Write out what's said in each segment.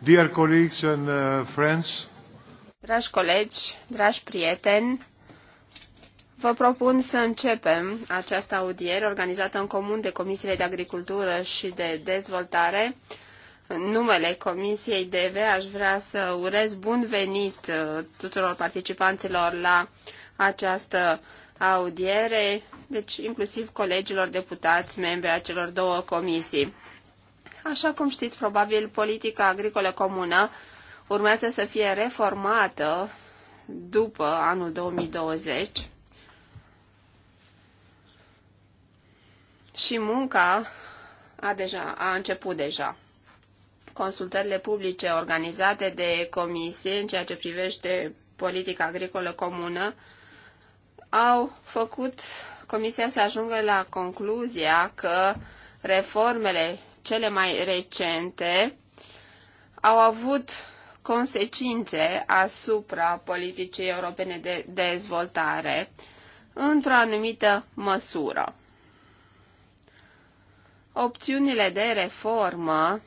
Dear colleagues and uh, friends, Dragi colegi, dragi prieteni, vă propun să începem această audiere organizată în comun de Comisiile de Agricultură și de Dezvoltare. În numele Comisiei DV aș vrea să urez bun venit uh, tuturor participanților la această audiere, deci inclusiv colegilor deputați, membri a celor două comisii. Așa cum știți, probabil politica agricolă comună urmează să fie reformată după anul 2020 și munca a, deja, a început deja. Consultările publice organizate de comisie în ceea ce privește politica agricolă comună au făcut comisia să ajungă la concluzia că reformele cele mai recente au avut consecințe asupra politicii europene de dezvoltare într-o anumită măsură. Opțiunile de reformă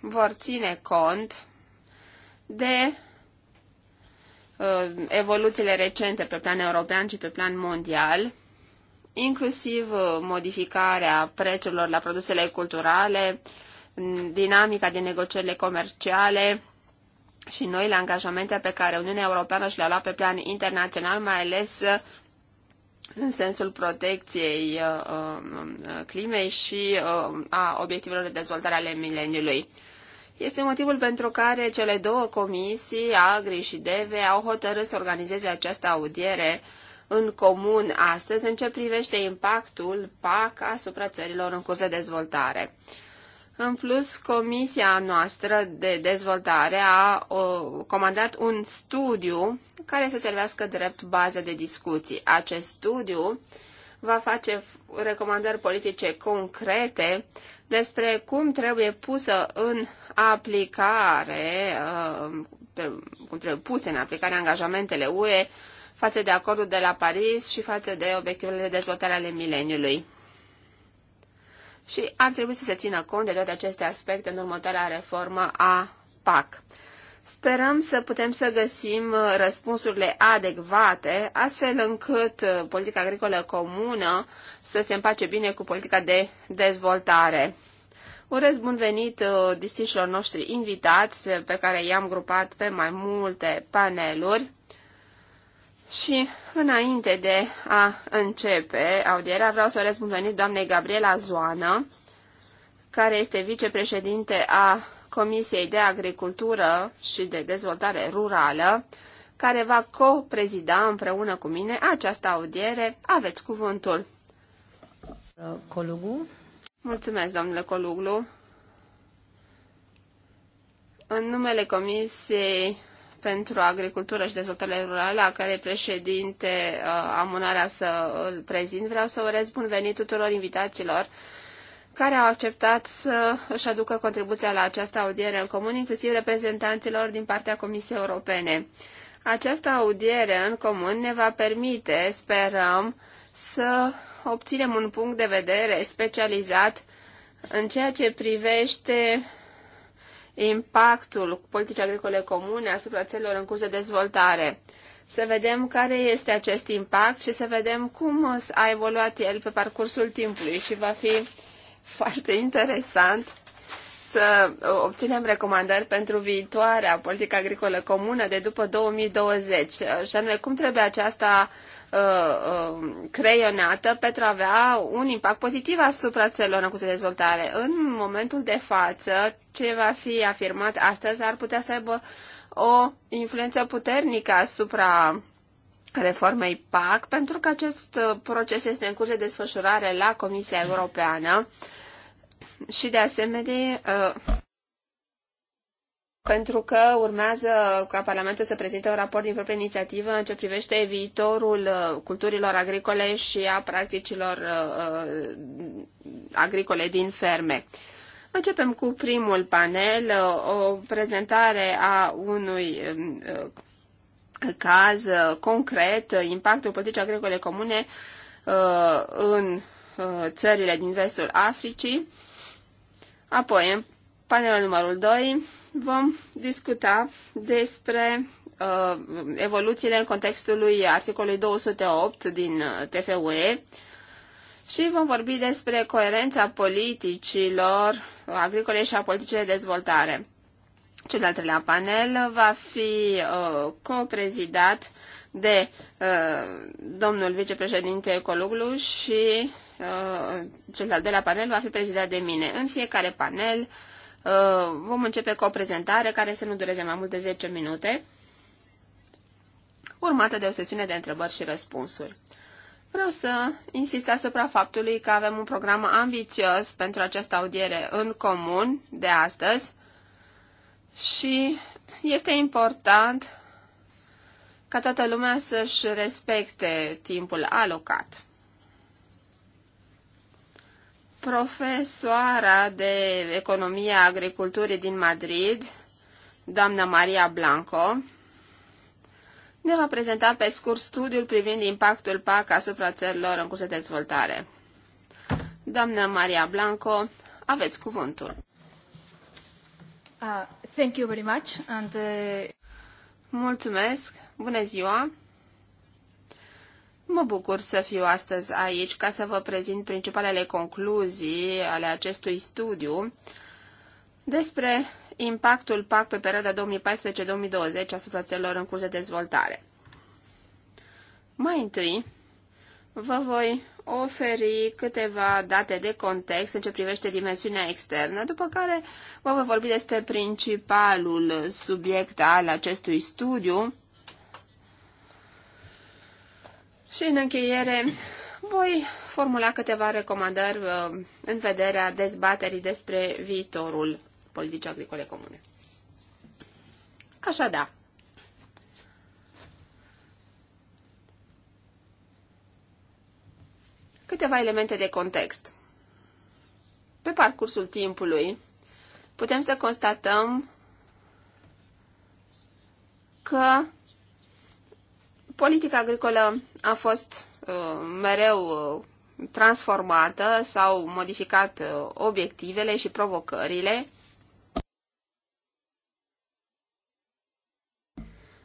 vor ține cont de uh, evoluțiile recente pe plan european și pe plan mondial inclusiv uh, modificarea prețurilor la produsele culturale, mm, dinamica de negocierile comerciale și noile angajamente pe care Uniunea Europeană și le-a luat pe plan internațional, mai ales uh, în sensul protecției uh, um, climei și a obiectivelor de dezvoltare ale mileniului. Este motivul pentru care cele două comisii, Agri și DEVE, au hotărât să organizeze această audiere în comun astăzi în ce privește impactul PAC asupra țărilor în curs de dezvoltare. În plus, Comisia noastră de dezvoltare a comandat un studiu care să servească drept bază de discuții. Acest studiu va face recomandări politice concrete despre cum trebuie pusă în aplicare, uh, cum trebuie puse în aplicare angajamentele UE față de acordul de la Paris și față de obiectivele de dezvoltare ale mileniului. Și ar trebui să se țină cont de toate aceste aspecte în următoarea reformă a PAC. Sperăm să putem să găsim uh, răspunsurile adecvate, astfel încât uh, politica agricolă comună să se împace bine cu politica de dezvoltare. Urez bun venit uh, distinșilor noștri invitați, pe care i-am grupat pe mai multe paneluri. Și înainte de a începe audierea, vreau să răspund venit doamnei Gabriela Zoană, care este vicepreședinte a Comisiei de Agricultură și de Dezvoltare Rurală, care va coprezida împreună cu mine această audiere. Aveți cuvântul. Colugu. Mulțumesc, domnule Coluglu. În numele Comisiei pentru agricultură și dezvoltare rurală, a care președinte uh, am onoarea să îl prezint, vreau să urez bun venit tuturor invitaților care au acceptat să își aducă contribuția la această audiere în comun, inclusiv reprezentanților din partea Comisiei Europene. Această audiere în comun ne va permite, sperăm, să obținem un punct de vedere specializat în ceea ce privește impactul politicii agricole comune asupra țelor în curs de dezvoltare. Să vedem care este acest impact și să vedem cum a evoluat el pe parcursul timpului și va fi foarte interesant să obținem recomandări pentru viitoarea politică agricolă comună de după 2020, și anume cum trebuie aceasta Uh, uh, creionată pentru a avea un impact pozitiv asupra țărilor în curs de dezvoltare. În momentul de față, ce va fi afirmat astăzi ar putea să aibă o influență puternică asupra reformei PAC, pentru că acest uh, proces este în curs de desfășurare la Comisia Europeană și, de asemenea, pentru că urmează ca Parlamentul să prezinte un raport din proprie inițiativă în ce privește viitorul uh, culturilor agricole și a practicilor uh, uh, agricole din ferme. Începem cu primul panel, o prezentare a unui um, caz concret, impactul politicii agricole comune în țările din vestul Africii. Apoi, panelul numărul 2 vom discuta despre uh, evoluțiile în contextul lui articolului 208 din uh, TFUE și vom vorbi despre coerența politicilor agricole și a politicii de dezvoltare. Cel de-al treilea panel va fi uh, coprezidat de uh, domnul vicepreședinte Coluglu și uh, cel de-al doilea panel va fi prezidat de mine. În fiecare panel uh, Uh, vom începe cu o prezentare care să nu dureze mai mult de 10 minute, urmată de o sesiune de întrebări și răspunsuri. Vreau să insist asupra faptului că avem un program ambițios pentru această audiere în comun de astăzi și este important ca toată lumea să-și respecte timpul alocat. Profesoara de Economie a Agriculturii din Madrid, doamna Maria Blanco, ne va prezenta pe scurt studiul privind impactul PAC asupra țărilor în curs de dezvoltare. Doamna Maria Blanco, aveți cuvântul. Uh, thank you very much and, uh... Mulțumesc, bună ziua! Mă bucur să fiu astăzi aici ca să vă prezint principalele concluzii ale acestui studiu despre impactul PAC pe perioada 2014-2020 asupra țelor în curs de dezvoltare. Mai întâi, vă voi oferi câteva date de context în ce privește dimensiunea externă, după care vă voi vorbi despre principalul subiect al acestui studiu, și în încheiere voi formula câteva recomandări uh, în vederea dezbaterii despre viitorul politicii agricole comune. Așadar, câteva elemente de context. Pe parcursul timpului, putem să constatăm că politica agricolă a fost uh, mereu uh, transformată, s-au modificat uh, obiectivele și provocările.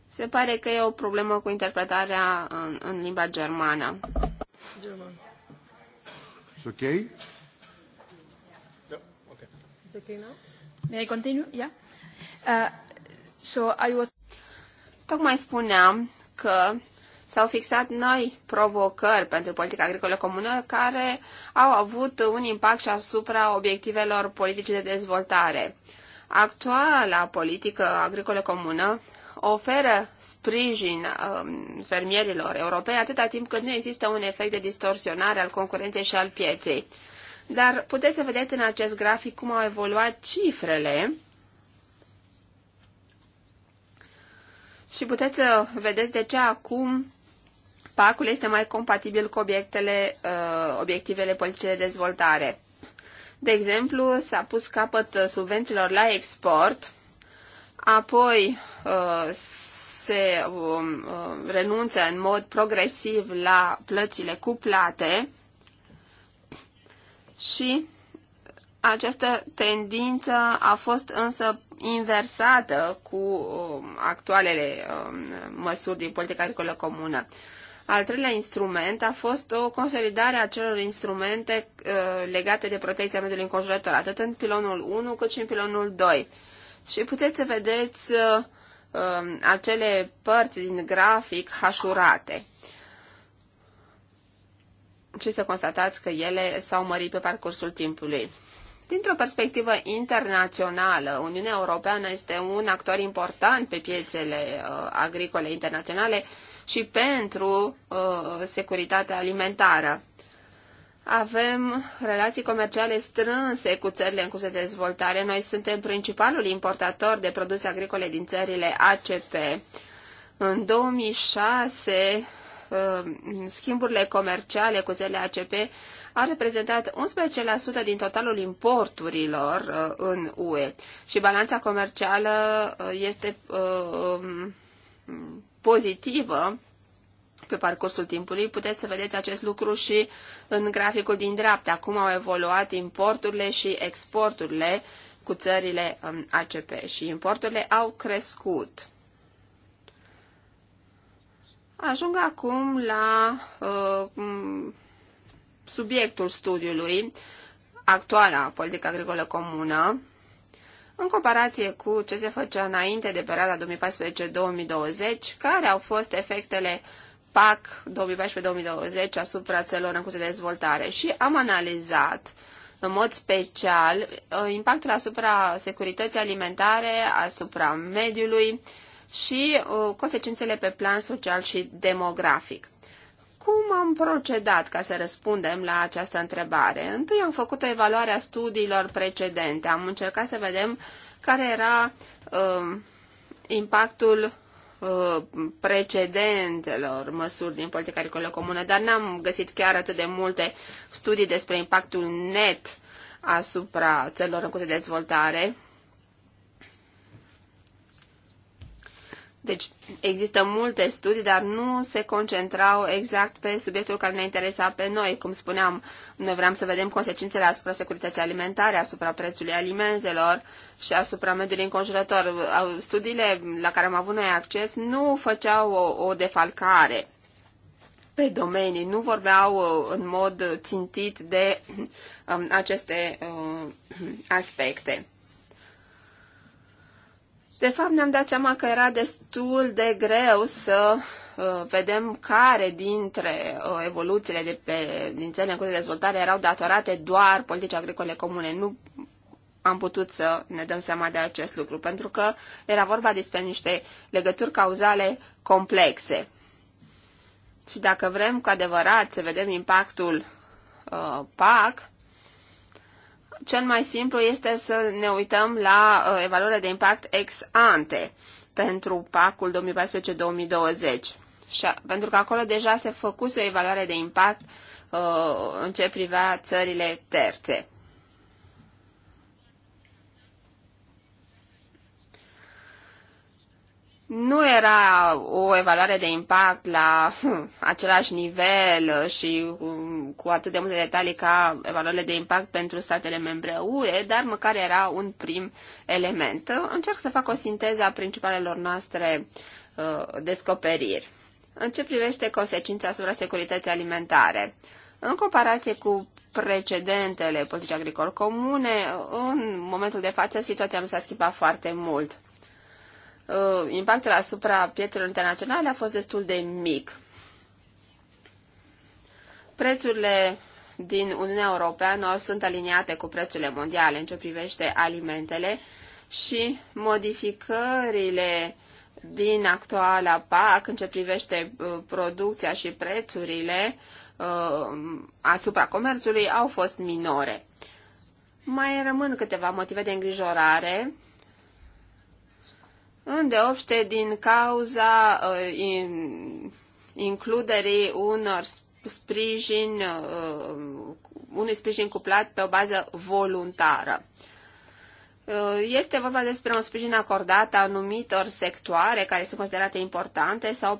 Se pare că e o problemă cu interpretarea în, în limba germană. German. ok? okay? Yeah, okay. okay May I continue? Yeah. Uh, so I was... Tocmai spuneam că s-au fixat noi provocări pentru politica agricolă comună care au avut un impact și asupra obiectivelor politice de dezvoltare. Actuala politică agricolă comună oferă sprijin um, fermierilor europei atâta timp cât nu există un efect de distorsionare al concurenței și al pieței. Dar puteți să vedeți în acest grafic cum au evoluat cifrele Și puteți să vedeți de ce acum pac este mai compatibil cu obiectele, uh, obiectivele politice de dezvoltare. De exemplu, s-a pus capăt subvențiilor la export, apoi uh, se uh, renunță în mod progresiv la plățile cuplate și această tendință a fost însă inversată cu um, actualele um, măsuri din politica agricolă comună. Al treilea instrument a fost o consolidare a celor instrumente uh, legate de protecția mediului înconjurător, atât în pilonul 1 cât și în pilonul 2. Și puteți să vedeți uh, um, acele părți din grafic hașurate și să constatați că ele s-au mărit pe parcursul timpului. Dintr-o perspectivă internațională, Uniunea Europeană este un actor important pe piețele uh, agricole internaționale și pentru uh, securitatea alimentară. Avem relații comerciale strânse cu țările în curs de dezvoltare. Noi suntem principalul importator de produse agricole din țările ACP. În 2006, uh, schimburile comerciale cu țările ACP a reprezentat 11% din totalul importurilor uh, în UE și balanța comercială uh, este uh, um, pozitivă pe parcursul timpului. Puteți să vedeți acest lucru și în graficul din dreapta, cum au evoluat importurile și exporturile cu țările um, ACP și importurile au crescut. Ajung acum la uh, um, subiectul studiului, actuala politică agricolă comună, în comparație cu ce se făcea înainte de perioada 2014-2020, care au fost efectele PAC 2014-2020 asupra țelor în curs de dezvoltare și am analizat în mod special impactul asupra securității alimentare, asupra mediului și uh, consecințele pe plan social și demografic. Cum am procedat ca să răspundem la această întrebare? Întâi am făcut o evaluare a studiilor precedente. Am încercat să vedem care era uh, impactul uh, precedentelor măsuri din politica agricolă comună, dar n-am găsit chiar atât de multe studii despre impactul net asupra țărilor în curs de dezvoltare Deci există multe studii, dar nu se concentrau exact pe subiectul care ne interesa pe noi. Cum spuneam, noi vreau să vedem consecințele asupra securității alimentare, asupra prețului alimentelor și asupra mediului înconjurător. Studiile la care am avut noi acces nu făceau o, o defalcare pe domenii, nu vorbeau uh, în mod țintit de um, aceste um, aspecte. De fapt, ne-am dat seama că era destul de greu să uh, vedem care dintre uh, evoluțiile de pe, din țările în curs de dezvoltare erau datorate doar politicii agricole comune. Nu am putut să ne dăm seama de acest lucru, pentru că era vorba despre niște legături cauzale complexe. Și dacă vrem cu adevărat să vedem impactul uh, PAC, cel mai simplu este să ne uităm la uh, evaluarea de impact ex ante pentru pacul 2014-2020. Și pentru că acolo deja se făcuse o evaluare de impact uh, în ce privea țările terțe. nu era o evaluare de impact la hm, același nivel și hm, cu atât de multe detalii ca evaluările de impact pentru statele membre UE, dar măcar era un prim element. Încerc să fac o sinteză a principalelor noastre ă, descoperiri. În ce privește consecința asupra securității alimentare? În comparație cu precedentele politici agricole comune, în momentul de față situația nu s-a schimbat foarte mult Uh, impactul asupra piețelor internaționale a fost destul de mic. Prețurile din Uniunea Europeană sunt aliniate cu prețurile mondiale în ce privește alimentele și modificările din actuala PAC în ce privește uh, producția și prețurile uh, asupra comerțului au fost minore. Mai rămân câteva motive de îngrijorare îndeopște din cauza uh, includerii unor sprijin, uh, unui sprijin cuplat pe o bază voluntară. Uh, este vorba despre un sprijin acordat anumitor sectoare care sunt considerate importante sau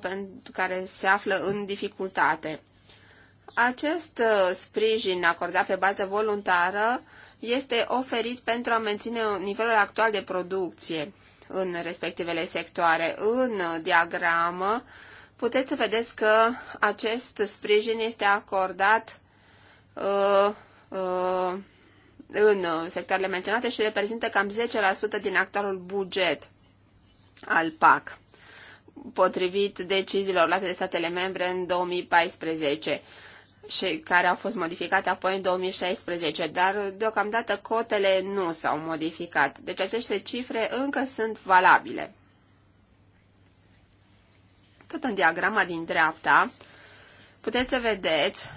care se află în dificultate. Acest uh, sprijin acordat pe bază voluntară este oferit pentru a menține nivelul actual de producție în respectivele sectoare. În diagramă puteți să vedeți că acest sprijin este acordat uh, uh, în sectoarele menționate și reprezintă cam 10% din actualul buget al PAC potrivit deciziilor luate de statele membre în 2014 și care au fost modificate apoi în 2016, dar deocamdată cotele nu s-au modificat. Deci aceste cifre încă sunt valabile. Tot în diagrama din dreapta puteți să vedeți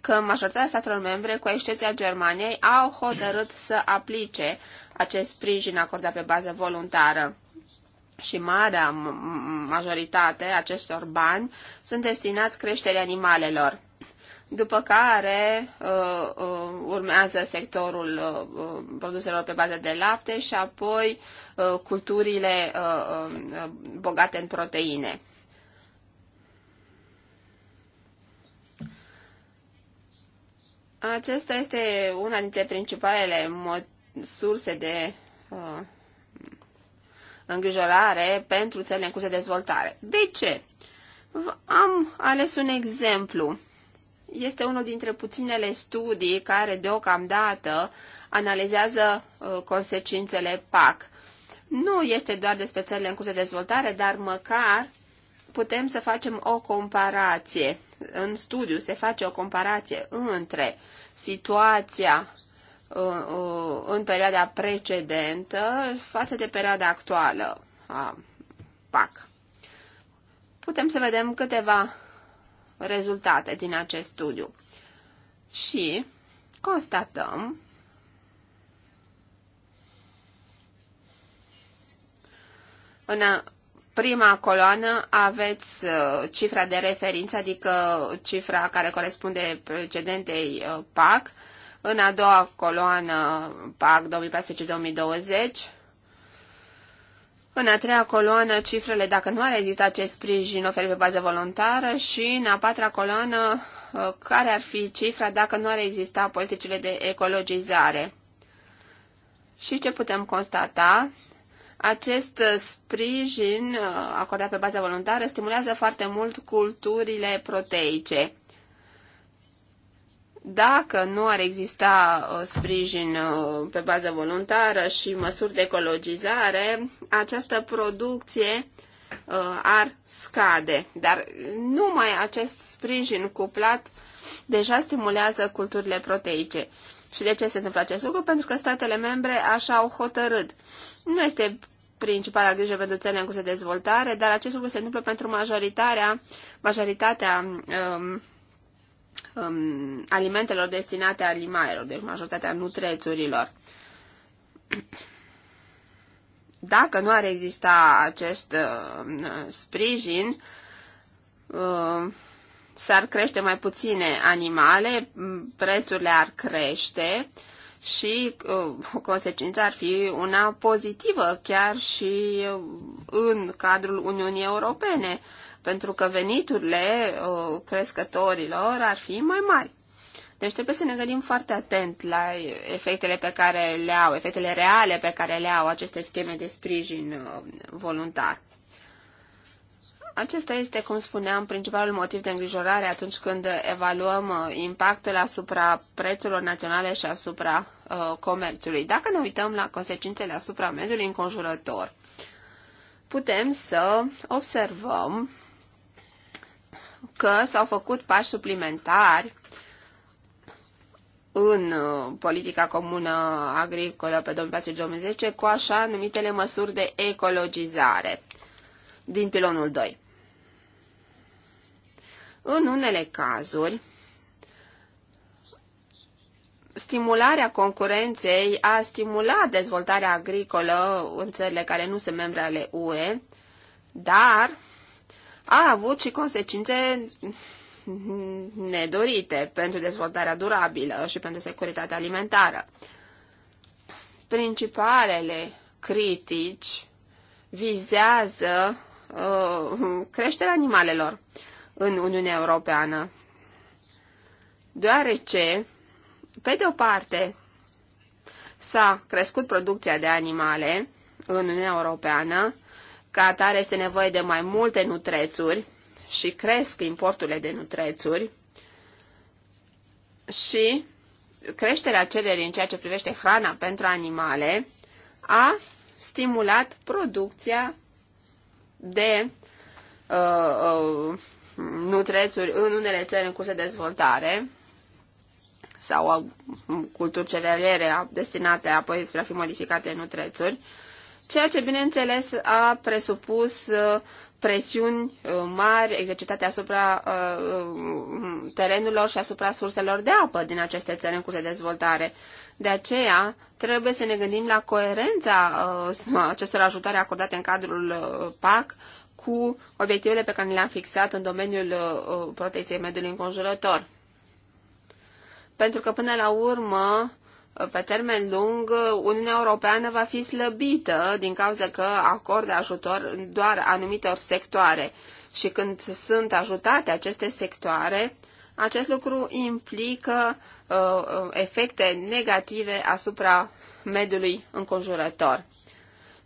că majoritatea statelor membre, cu excepția Germaniei, au hotărât să aplice acest sprijin acordat pe bază voluntară și marea majoritate acestor bani sunt destinați creșterii animalelor după care uh, uh, urmează sectorul uh, uh, produselor pe bază de lapte și apoi uh, culturile uh, uh, bogate în proteine. Acesta este una dintre principalele surse de uh, îngrijorare pentru țările în curs de dezvoltare. De ce? Am ales un exemplu este unul dintre puținele studii care deocamdată analizează uh, consecințele PAC. Nu este doar despre țările în curs de dezvoltare, dar măcar putem să facem o comparație. În studiu se face o comparație între situația uh, uh, în perioada precedentă față de perioada actuală a PAC. Putem să vedem câteva rezultate din acest studiu. Și constatăm în prima coloană aveți uh, cifra de referință, adică cifra care corespunde precedentei uh, PAC, în a doua coloană PAC 2014-2020, în a treia coloană, cifrele dacă nu are existat acest sprijin oferit pe bază voluntară și în a patra coloană, uh, care ar fi cifra dacă nu ar exista politicile de ecologizare. Și ce putem constata? Acest uh, sprijin uh, acordat pe bază voluntară stimulează foarte mult culturile proteice. Dacă nu ar exista uh, sprijin uh, pe bază voluntară și măsuri de ecologizare, această producție uh, ar scade. Dar numai acest sprijin cuplat deja stimulează culturile proteice. Și de ce se întâmplă acest lucru? Pentru că statele membre așa au hotărât. Nu este principala grijă pentru țările în curs de dezvoltare, dar acest lucru se întâmplă pentru majoritatea, majoritatea um, um, alimentelor destinate animalelor, deci majoritatea nutrețurilor. Dacă nu ar exista acest uh, sprijin, uh, s-ar crește mai puține animale, prețurile ar crește și uh, consecința ar fi una pozitivă chiar și uh, în cadrul Uniunii Europene. Uh, pentru că veniturile crescătorilor ar fi mai mari. Deci trebuie să ne gândim foarte atent la efectele pe care le au, efectele reale pe care le au aceste scheme de sprijin voluntar. Acesta este, cum spuneam, principalul motiv de îngrijorare atunci când evaluăm impactul asupra prețurilor naționale și asupra uh, comerțului. Dacă ne uităm la consecințele asupra mediului înconjurător, putem să observăm că s-au făcut pași suplimentari în uh, politica comună agricolă pe 2014 cu așa numitele măsuri de ecologizare din pilonul 2. În unele cazuri, stimularea concurenței a stimulat dezvoltarea agricolă în țările care nu sunt membre ale UE, dar a avut și consecințe nedorite pentru dezvoltarea durabilă și pentru securitatea alimentară. Principalele critici vizează uh, creșterea animalelor în Uniunea Europeană, deoarece, pe de o parte, s-a crescut producția de animale în Uniunea Europeană, ca atare este nevoie de mai multe nutrețuri și cresc importurile de nutrețuri și creșterea cererii în ceea ce privește hrana pentru animale a stimulat producția de uh, uh, nutrețuri în unele țări în curs de dezvoltare sau culturi cerealiere destinate apoi spre a fi modificate în nutrețuri ceea ce, bineînțeles, a presupus uh, presiuni uh, mari exercitate asupra uh, terenurilor și asupra surselor de apă din aceste țări în curs de dezvoltare. De aceea, trebuie să ne gândim la coerența acestor ajutoare acordate în cadrul PAC cu obiectivele pe care le-am fixat în domeniul protecției mediului înconjurător. Pentru că, până la urmă, pe termen lung Uniunea Europeană va fi slăbită din cauza că acordă ajutor doar anumitor sectoare. Și când sunt ajutate aceste sectoare, acest lucru implică uh, uh, efecte negative asupra mediului înconjurător.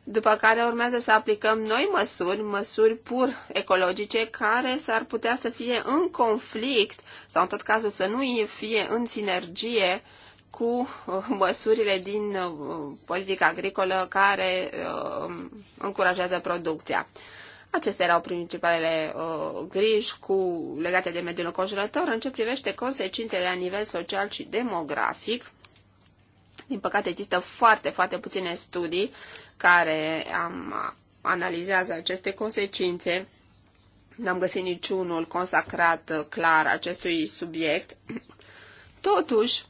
După care urmează să aplicăm noi măsuri, măsuri pur ecologice, care s-ar putea să fie în conflict sau în tot cazul să nu fie în sinergie cu uh, măsurile din uh, politica agricolă care uh, încurajează producția. Acestea erau principalele griji cu, legate de mediul înconjurător în ce privește consecințele la nivel social și demografic. Din păcate există foarte, foarte puține studii care am, analizează aceste consecințe. N-am găsit niciunul consacrat clar acestui subiect. Totuși,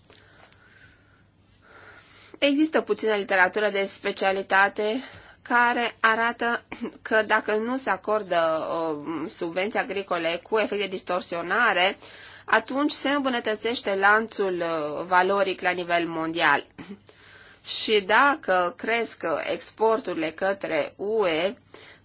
Există puțină literatură de specialitate care arată că dacă nu se acordă uh, subvenții agricole cu efect de distorsionare, atunci se îmbunătățește lanțul uh, valoric la nivel mondial. Și dacă cresc exporturile către UE,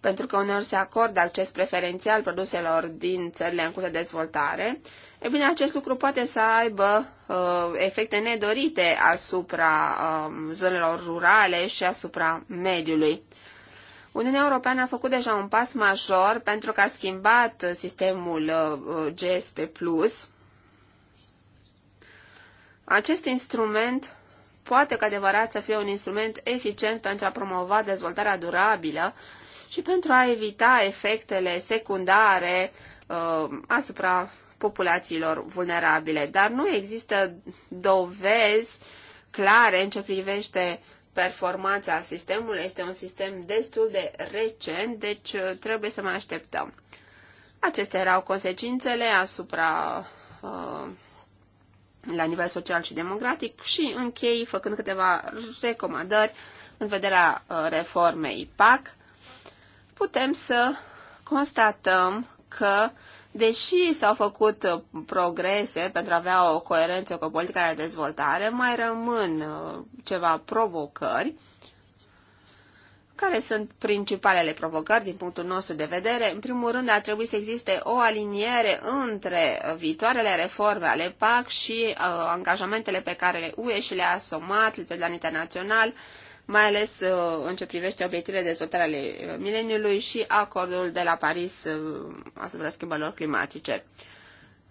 pentru că uneori se acordă acces preferențial produselor din țările în curs de dezvoltare, e bine, acest lucru poate să aibă uh, efecte nedorite asupra uh, zonelor rurale și asupra mediului. Uniunea Europeană a făcut deja un pas major pentru că a schimbat sistemul uh, GSP+. Acest instrument poate cu adevărat să fie un instrument eficient pentru a promova dezvoltarea durabilă și pentru a evita efectele secundare uh, asupra populațiilor vulnerabile. Dar nu există dovezi clare în ce privește performanța sistemului. Este un sistem destul de recent, deci uh, trebuie să mai așteptăm. Acestea erau consecințele asupra uh, la nivel social și democratic și închei făcând câteva recomandări în vederea uh, reformei PAC putem să constatăm că, deși s-au făcut uh, progrese pentru a avea o coerență cu politica de dezvoltare, mai rămân uh, ceva provocări. Care sunt principalele provocări din punctul nostru de vedere? În primul rând, ar trebui să existe o aliniere între viitoarele reforme ale PAC și uh, angajamentele pe care UE și le-a asumat la nivel internațional uh, mai ales uh, în ce privește obiectivele de dezvoltare ale uh, mileniului și acordul de la Paris uh, asupra schimbărilor climatice.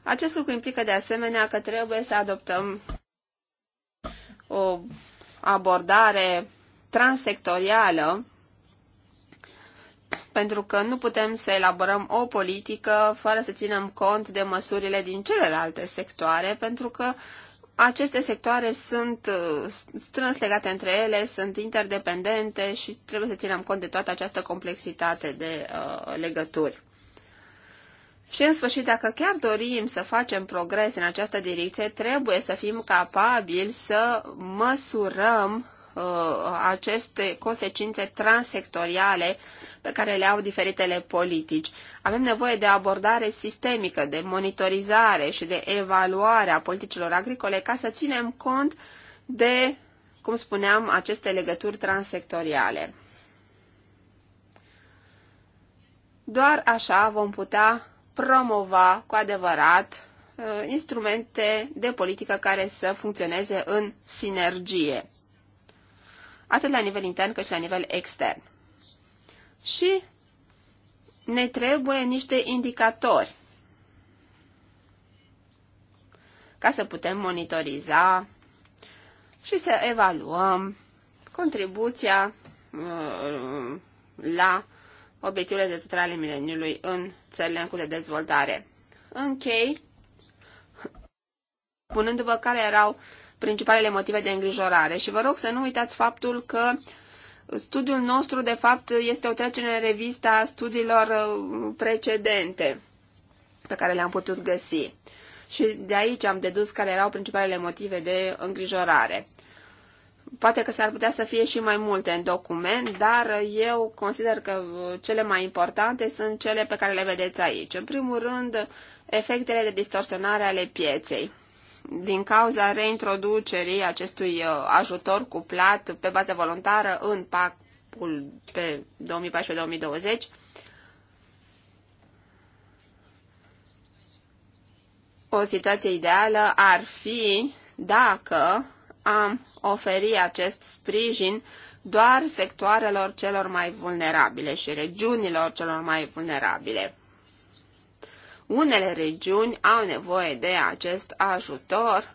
Acest lucru implică de asemenea că trebuie să adoptăm o abordare transsectorială, pentru că nu putem să elaborăm o politică fără să ținem cont de măsurile din celelalte sectoare, pentru că aceste sectoare sunt uh, strâns legate între ele, sunt interdependente și trebuie să ținem cont de toată această complexitate de uh, legături. Și în sfârșit, dacă chiar dorim să facem progres în această direcție, trebuie să fim capabili să măsurăm Uh, aceste consecințe transectoriale pe care le au diferitele politici. Avem nevoie de abordare sistemică, de monitorizare și de evaluare a politicilor agricole ca să ținem cont de, cum spuneam, aceste legături transectoriale. Doar așa vom putea promova cu adevărat uh, instrumente de politică care să funcționeze în sinergie atât la nivel intern cât și la nivel extern. Și ne trebuie niște indicatori ca să putem monitoriza și să evaluăm contribuția uh, la obiectivele de tutelare ale mileniului în țările în curs de dezvoltare. Închei punându-vă care erau principalele motive de îngrijorare și vă rog să nu uitați faptul că studiul nostru, de fapt, este o trecere în revista studiilor uh, precedente pe care le-am putut găsi. Și de aici am dedus care erau principalele motive de îngrijorare. Poate că s-ar putea să fie și mai multe în document, dar eu consider că uh, cele mai importante sunt cele pe care le vedeți aici. În primul rând, efectele de distorsionare ale pieței din cauza reintroducerii acestui uh, ajutor cuplat pe bază voluntară în pacul pe 2014-2020, o situație ideală ar fi dacă am oferi acest sprijin doar sectoarelor celor mai vulnerabile și regiunilor celor mai vulnerabile. Unele regiuni au nevoie de acest ajutor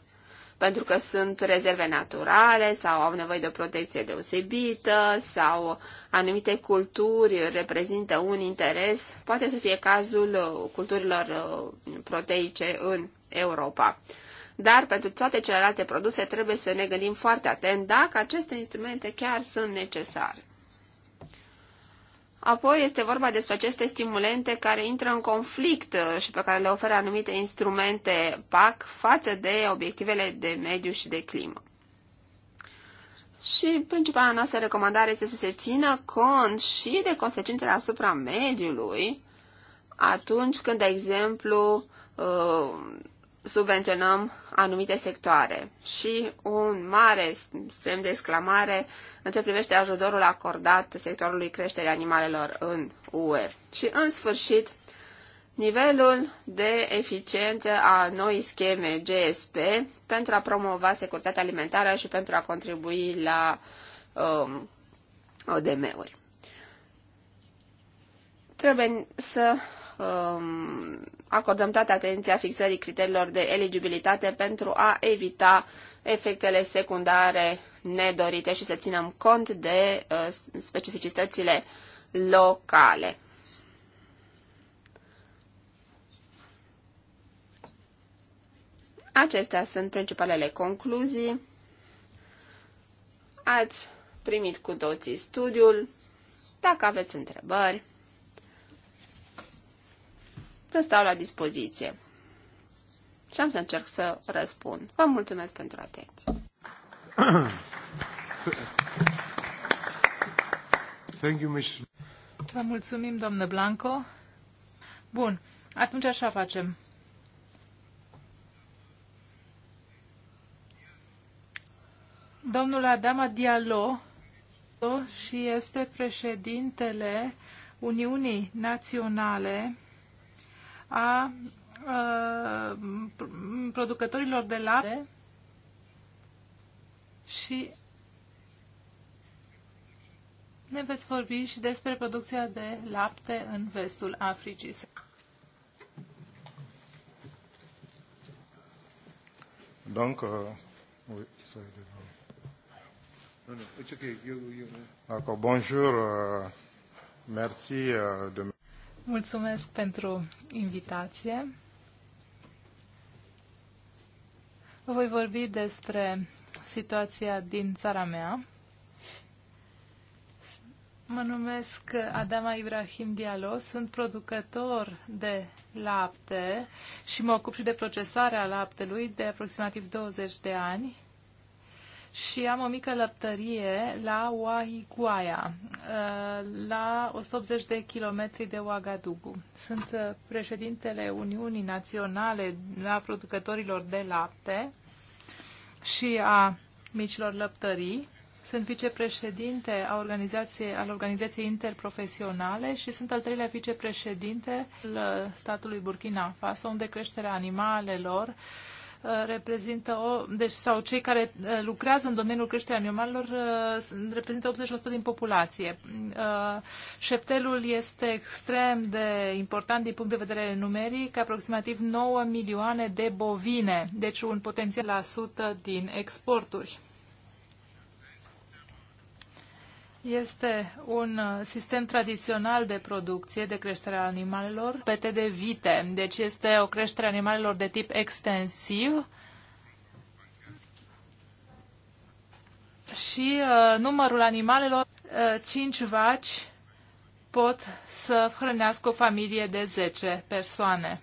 pentru că sunt rezerve naturale sau au nevoie de o protecție deosebită sau anumite culturi reprezintă un interes. Poate să fie cazul culturilor uh, proteice în Europa. Dar pentru toate celelalte produse trebuie să ne gândim foarte atent dacă aceste instrumente chiar sunt necesare. Apoi este vorba despre aceste stimulente care intră în conflict uh, și pe care le oferă anumite instrumente PAC față de obiectivele de mediu și de climă. Și principala noastră recomandare este să se țină cont și de consecințele asupra mediului atunci când, de exemplu, uh, subvenționăm anumite sectoare. Și un mare semn de exclamare în ce privește ajutorul acordat sectorului creșterii animalelor în UE. Și în sfârșit, nivelul de eficiență a noii scheme GSP pentru a promova securitatea alimentară și pentru a contribui la um, ODM-uri. Trebuie să um, acordăm toată atenția fixării criteriilor de eligibilitate pentru a evita efectele secundare nedorite și să ținem cont de uh, specificitățile locale. Acestea sunt principalele concluzii. Ați primit cu toții studiul. Dacă aveți întrebări, vă stau la dispoziție. Și am să încerc să răspund. Vă mulțumesc pentru atenție. Thank you, Ms. Vă mulțumim, doamnă Blanco. Bun, atunci așa facem. Domnul Adama Diallo și este președintele Uniunii Naționale a producătorilor de lapte și ne veți vorbi și despre producția de lapte în vestul Africii. Donc, euh, oui, c'est devant. Non, non, c'est ok. You, D'accord, bonjour. Euh, merci euh, de Mulțumesc pentru invitație. Voi vorbi despre situația din țara mea. Mă numesc Adama Ibrahim Dialo, sunt producător de lapte și mă ocup și de procesarea laptelui de aproximativ 20 de ani și am o mică lăptărie la Oahiguaia, uh, la 180 de kilometri de Ouagadougou. Sunt uh, președintele Uniunii Naționale a producătorilor de lapte și a micilor lăptării. Sunt vicepreședinte a organizației, al organizației interprofesionale și sunt al treilea vicepreședinte al statului Burkina Faso, unde creșterea animalelor uh, reprezintă o, deci, sau cei care uh, lucrează în domeniul creșterii animalelor uh, reprezintă 80% din populație. Uh, șeptelul este extrem de important din punct de vedere numeric, aproximativ 9 milioane de bovine, deci un potențial la 100 din exporturi. Este un uh, sistem tradițional de producție, de creștere a animalelor, pete de vite. Deci este o creștere a animalelor de tip extensiv și uh, numărul animalelor, uh, 5 vaci pot să hrănească o familie de 10 persoane.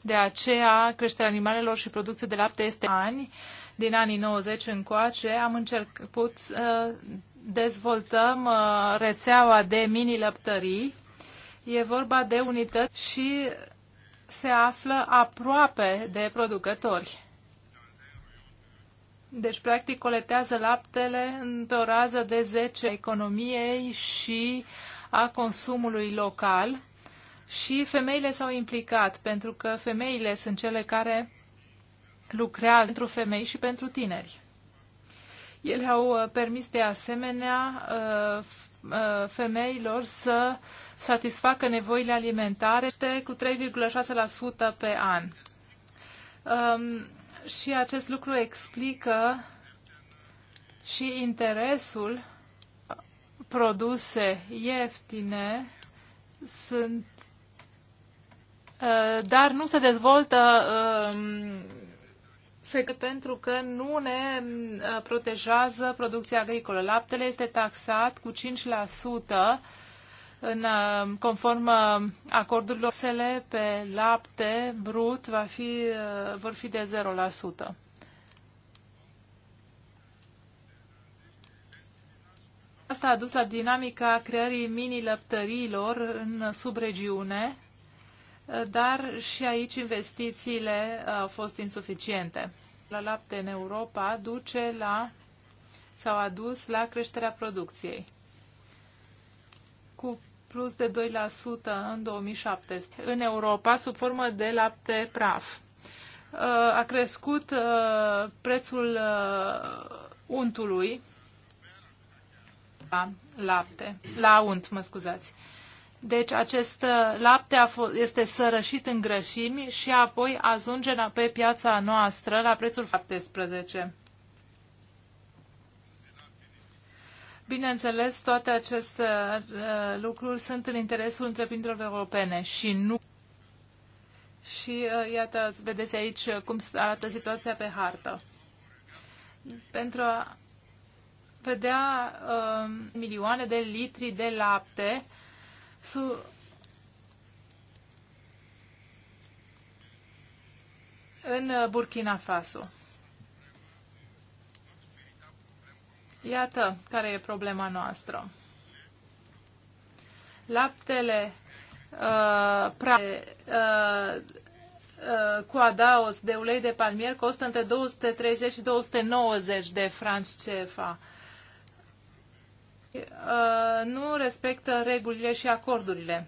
De aceea, creșterea animalelor și producția de lapte este ani din anii 90 încoace, am încercat uh, dezvoltăm uh, rețeaua de mini-lăptării. E vorba de unități și se află aproape de producători. Deci, practic, coletează laptele într o rază de 10 economiei și a consumului local. Și femeile s-au implicat, pentru că femeile sunt cele care lucrează pentru femei și pentru tineri. Ele au uh, permis de asemenea uh, uh, femeilor să satisfacă nevoile alimentare cu 3,6% pe an. Um, și acest lucru explică și interesul produse ieftine sunt dar nu se dezvoltă um, pentru că nu ne uh, protejează producția agricolă. Laptele este taxat cu 5% în, uh, conform uh, acordurilor sele pe lapte brut va fi, vor fi de 0%. Asta a dus la dinamica creării mini-lăptărilor în subregiune, dar și aici investițiile uh, au fost insuficiente. La lapte în Europa duce la sau a dus la creșterea producției cu plus de 2% în 2007 în Europa sub formă de lapte praf. Uh, a crescut uh, prețul untului la lapte, la unt, mă scuzați. Deci acest uh, lapte a fost, este sărășit în grășimi și apoi ajunge pe piața noastră la prețul 17. Bineînțeles, toate aceste uh, lucruri sunt în interesul întreprinderilor europene și nu. Și uh, iată, vedeți aici cum arată situația pe hartă. Pentru a vedea uh, milioane de litri de lapte uh, So, în uh, Burkina Faso. Iată care e problema noastră. Laptele uh, pra, uh, uh, cu adaos de ulei de palmier costă între 230 și 290 de franci cefa. Uh, nu respectă regulile și acordurile.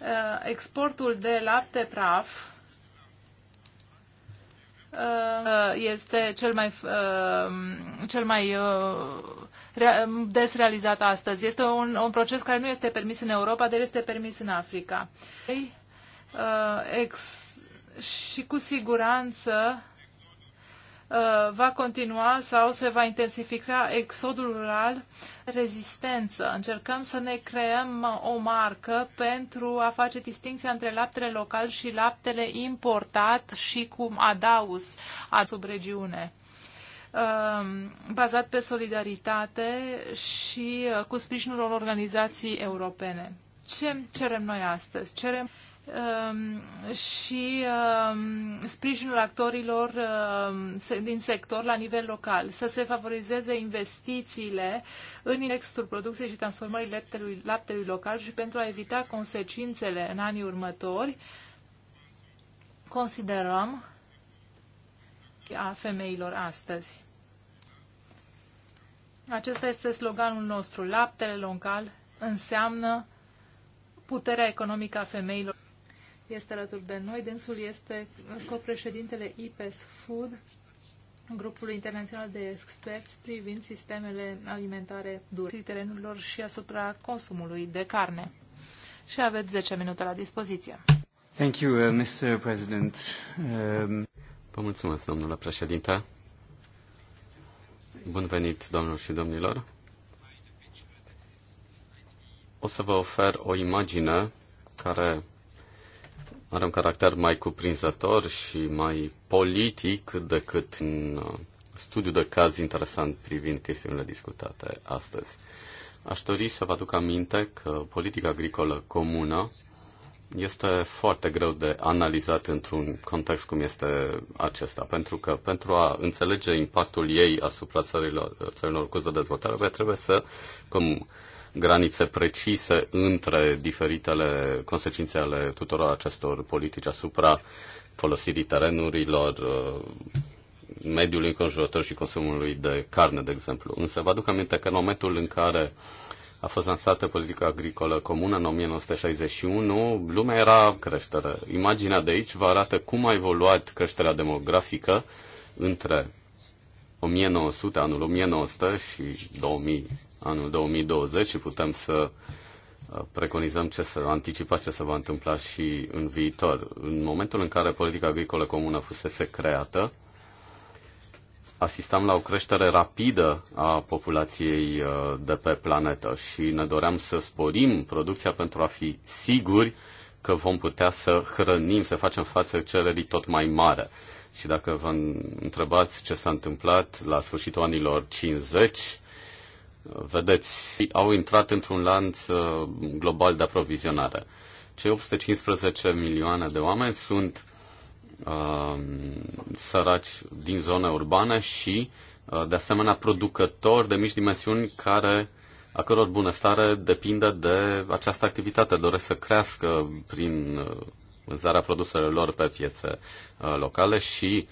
Uh, exportul de lapte praf uh, este cel mai, cel mai des realizat astăzi. Este un, un proces care nu este permis în Europa, dar este permis în Africa. Ex, și cu siguranță Uh, va continua sau se va intensifica exodul rural, rezistență. Încercăm să ne creăm o marcă pentru a face distinția între laptele local și laptele importat și cum adaus a subregiune uh, bazat pe solidaritate și uh, cu sprijinul unor organizații europene. Ce cerem noi astăzi? Cerem Um, și um, sprijinul actorilor um, din sector la nivel local, să se favorizeze investițiile în indexul producției și transformării laptelui, laptelui local și pentru a evita consecințele în anii următori, considerăm a femeilor astăzi. Acesta este sloganul nostru. Laptele local înseamnă puterea economică a femeilor este alături de noi. Dânsul este copreședintele IPES Food, grupului internațional de experți privind sistemele alimentare dure, terenurilor și asupra consumului de carne. Și aveți 10 minute la dispoziție. Thank you, uh, Mr. President. Um... Vă mulțumesc, domnule președinte. Bun venit, domnul și domnilor. O să vă ofer o imagine care are un caracter mai cuprinzător și mai politic decât în uh, studiu de caz interesant privind chestiunile discutate astăzi. Aș dori să vă aduc aminte că politica agricolă comună este foarte greu de analizat într-un context cum este acesta, pentru că pentru a înțelege impactul ei asupra țărilor, țărilor cu de dezvoltare, trebuie să, cum granițe precise între diferitele consecințe ale tuturor acestor politici asupra folosirii terenurilor, uh, mediului înconjurător și consumului de carne, de exemplu. Însă vă aduc aminte că în momentul în care a fost lansată politica agricolă comună în 1961, lumea era creștere. Imaginea de aici vă arată cum a evoluat creșterea demografică între 1900, anul 1900 și 2000 anul 2020 și putem să uh, preconizăm ce să anticipa ce se va întâmpla și în viitor. În momentul în care politica agricolă comună fusese creată, asistam la o creștere rapidă a populației uh, de pe planetă și ne doream să sporim producția pentru a fi siguri că vom putea să hrănim, să facem față cererii tot mai mare. Și dacă vă întrebați ce s-a întâmplat la sfârșitul anilor 50, vedeți, au intrat într-un lanț uh, global de aprovizionare. Cei 815 milioane de oameni sunt uh, săraci din zone urbane și, uh, de asemenea, producători de mici dimensiuni care a căror bunăstare depinde de această activitate. Doresc să crească prin uh, vânzarea produselor lor pe piețe uh, locale și uh,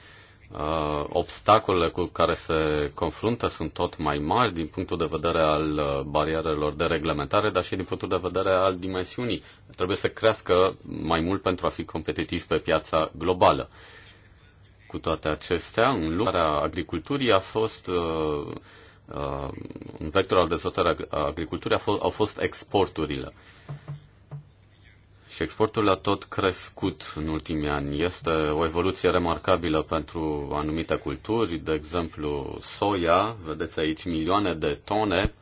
uh, obstacolele cu care se confruntă sunt tot mai mari din punctul de vedere al uh, barierelor de reglementare, dar și din punctul de vedere al dimensiunii. Trebuie să crească mai mult pentru a fi competitiv pe piața globală. Cu toate acestea, în lucrarea agriculturii a fost uh, uh, în vectorul al dezvoltării agriculturii a fost, au fost exporturile și exportul a tot crescut în ultimii ani. Este o evoluție remarcabilă pentru anumite culturi, de exemplu soia, vedeți aici milioane de tone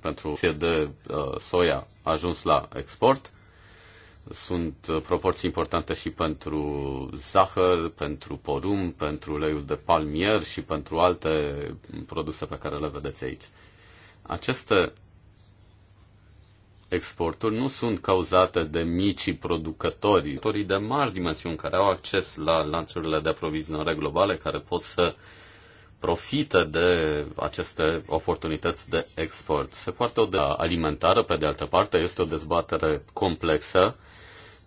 pentru de uh, soia ajuns la export. Sunt uh, proporții importante și pentru zahăr, pentru porum, pentru uleiul de palmier și pentru alte produse pe care le vedeți aici. Aceste exporturi nu sunt cauzate de micii producători, producătorii de mari dimensiuni care au acces la lanțurile de aprovizionare globale, care pot să profită de aceste oportunități de export. Se poartă o de alimentară, pe de altă parte, este o dezbatere complexă.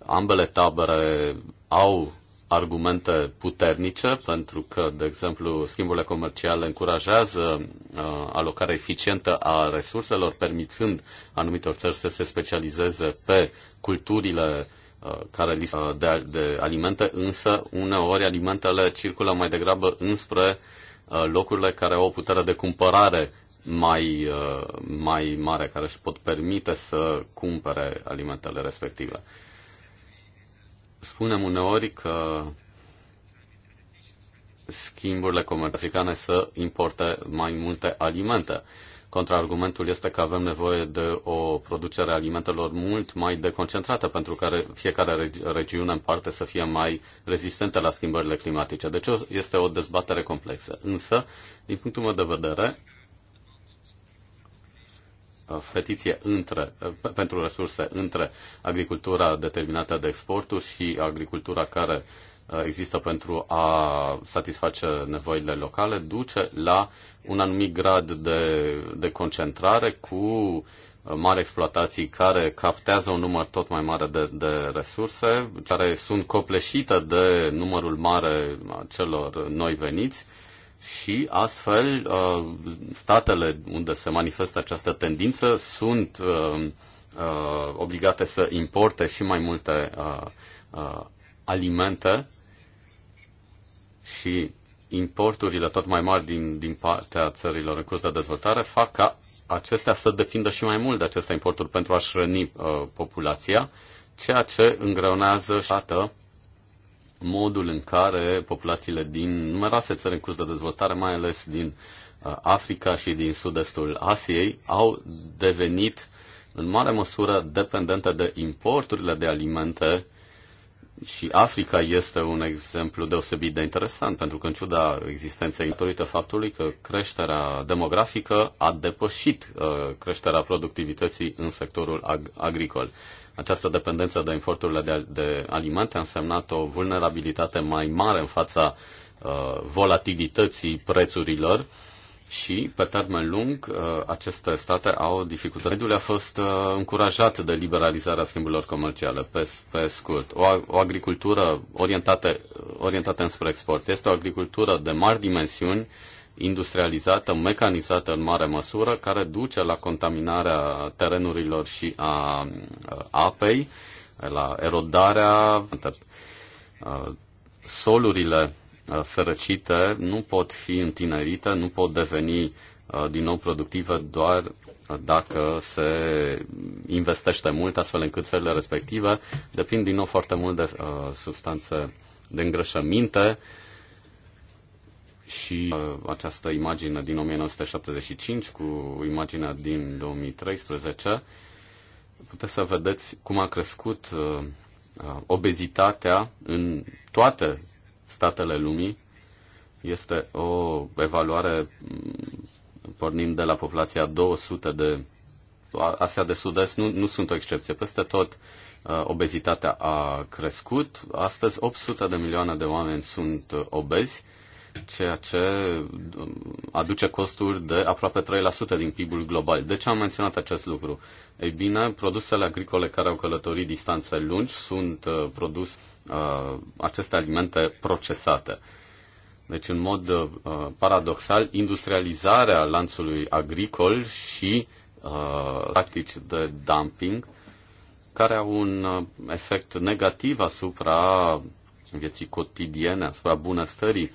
Ambele tabere au argumente puternice, pentru că, de exemplu, schimburile comerciale încurajează uh, alocarea eficientă a resurselor, permițând anumitor țări să se specializeze pe culturile uh, care li uh, de, de alimente, însă uneori alimentele circulă mai degrabă înspre uh, locurile care au o putere de cumpărare mai, uh, mai mare, care își pot permite să cumpere alimentele respective. Uh, spunem uneori că schimburile comerciale africane să importe mai multe alimente. Contraargumentul este că avem nevoie de o producere a alimentelor mult mai deconcentrată, pentru care fiecare regiune în parte să fie mai rezistentă la schimbările climatice. Deci este o dezbatere complexă. Însă, din punctul meu de vedere, Uh, fetiție între, uh, pentru resurse între agricultura determinată de exporturi și agricultura care uh, există pentru a satisface nevoile locale, duce la un anumit grad de, de concentrare cu mari exploatații care captează un număr tot mai mare de, de resurse, care sunt copleșite de numărul mare celor noi veniți și astfel uh, statele unde se manifestă această tendință sunt uh, uh, obligate să importe și mai multe alimente și importurile tot mai mari din, din partea țărilor în curs de dezvoltare fac ca acestea să depindă și mai mult de aceste importuri pentru a-și răni uh, populația, ceea ce îngreunează și modul în care populațiile din numeroase țări în curs de dezvoltare, mai ales din uh, Africa și din sud-estul Asiei, au devenit în mare măsură dependente de importurile de alimente și Africa este un exemplu deosebit de interesant, pentru că în ciuda existenței datorită faptului că creșterea demografică a depășit uh, creșterea productivității în sectorul ag- agricol. Această dependență de importurile de, de alimente a însemnat o vulnerabilitate mai mare în fața uh, volatilității prețurilor și, pe termen lung, uh, aceste state au dificultăți. Mediul a fost uh, încurajat de liberalizarea schimburilor comerciale, pe, pe scurt. O, o agricultură orientată, orientată înspre export este o agricultură de mari dimensiuni, uh, industrializată, mecanizată în mare măsură, care duce la contaminarea terenurilor și a apei, la erodarea solurile sărăcite nu pot fi întinerite, nu pot deveni din nou productive doar dacă se investește mult, astfel încât țările respective depind din nou foarte mult de substanțe de îngrășăminte, și uh, această imagine din 1975 cu imaginea din 2013, puteți să vedeți cum a crescut uh, uh, obezitatea în toate statele lumii. Este o evaluare mm, pornind de la populația 200 de Asia de Sud-Est nu, nu sunt o excepție. Peste tot obezitatea a crescut. Astăzi 800 de milioane de oameni sunt obezi ceea ce um, aduce costuri de aproape 3% din PIB-ul global. De ce am menționat acest lucru? Ei bine, produsele agricole care au călătorit distanțe lungi sunt uh, produse uh, aceste alimente procesate. Deci, în mod uh, paradoxal, industrializarea lanțului agricol și uh, practici de dumping care au un uh, efect negativ asupra vieții cotidiene, asupra bunăstării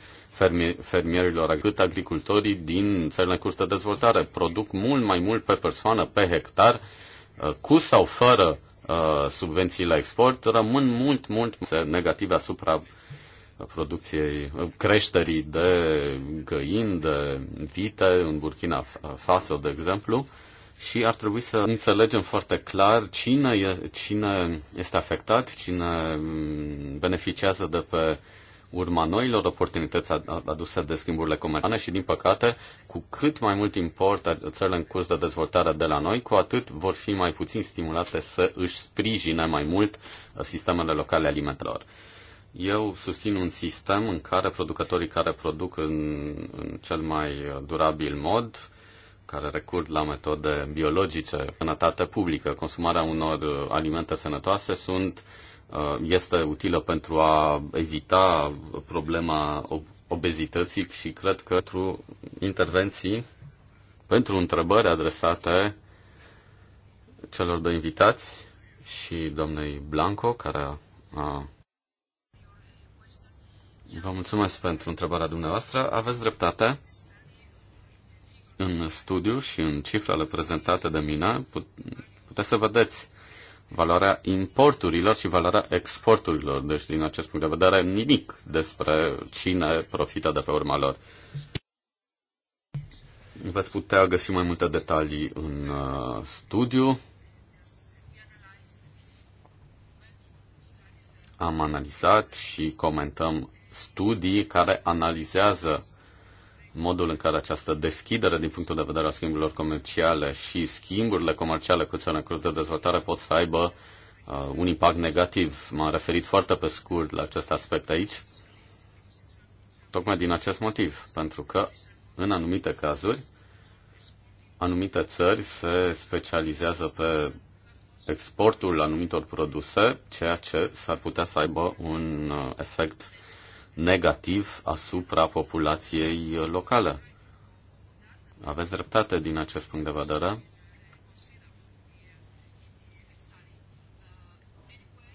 fermierilor, cât agricultorii din țările în curs de dezvoltare produc mult mai mult pe persoană, pe hectar, uh, cu sau fără uh, subvenții la export, rămân mult, mult negative asupra producției, uh, creșterii de găini, de vite în Burkina Faso, de exemplu, și ar trebui să înțelegem foarte clar cine, e, cine este afectat, cine mm, beneficiază de pe urma noilor oportunități aduse de schimburile comerciale și, din păcate, cu cât mai mult import țările în curs de dezvoltare de la noi, cu atât vor fi mai puțin stimulate să își sprijine mai mult uh, sistemele locale alimentelor. Eu susțin un sistem în care producătorii care produc în, în cel mai durabil mod, care recurg la metode biologice, sănătate publică, consumarea unor uh, alimente sănătoase, sunt uh, Uh, este utilă pentru a evita problema obezității și cred că pentru intervenții, pentru întrebări adresate celor doi invitați și domnei Blanco, care a Vă mulțumesc pentru întrebarea dumneavoastră. Aveți dreptate. În studiu și în cifrele prezentate de mine puteți să vedeți valoarea importurilor și valoarea exporturilor. Deci, din acest punct de vedere, nimic despre cine profită de pe urma lor. Veți putea găsi mai multe detalii în uh, studiu. Am analizat și comentăm studii care analizează modul în care această deschidere din punctul de vedere al schimburilor comerciale și schimburile comerciale cu țările în curs de dezvoltare pot să aibă uh, un impact negativ. M-am referit foarte pe scurt la acest aspect aici, tocmai din acest motiv, pentru că în anumite cazuri, anumite țări se specializează pe exportul anumitor produse, ceea ce s-ar putea să aibă un uh, efect uh, negativ asupra populației locale. Aveți dreptate din acest punct de vedere.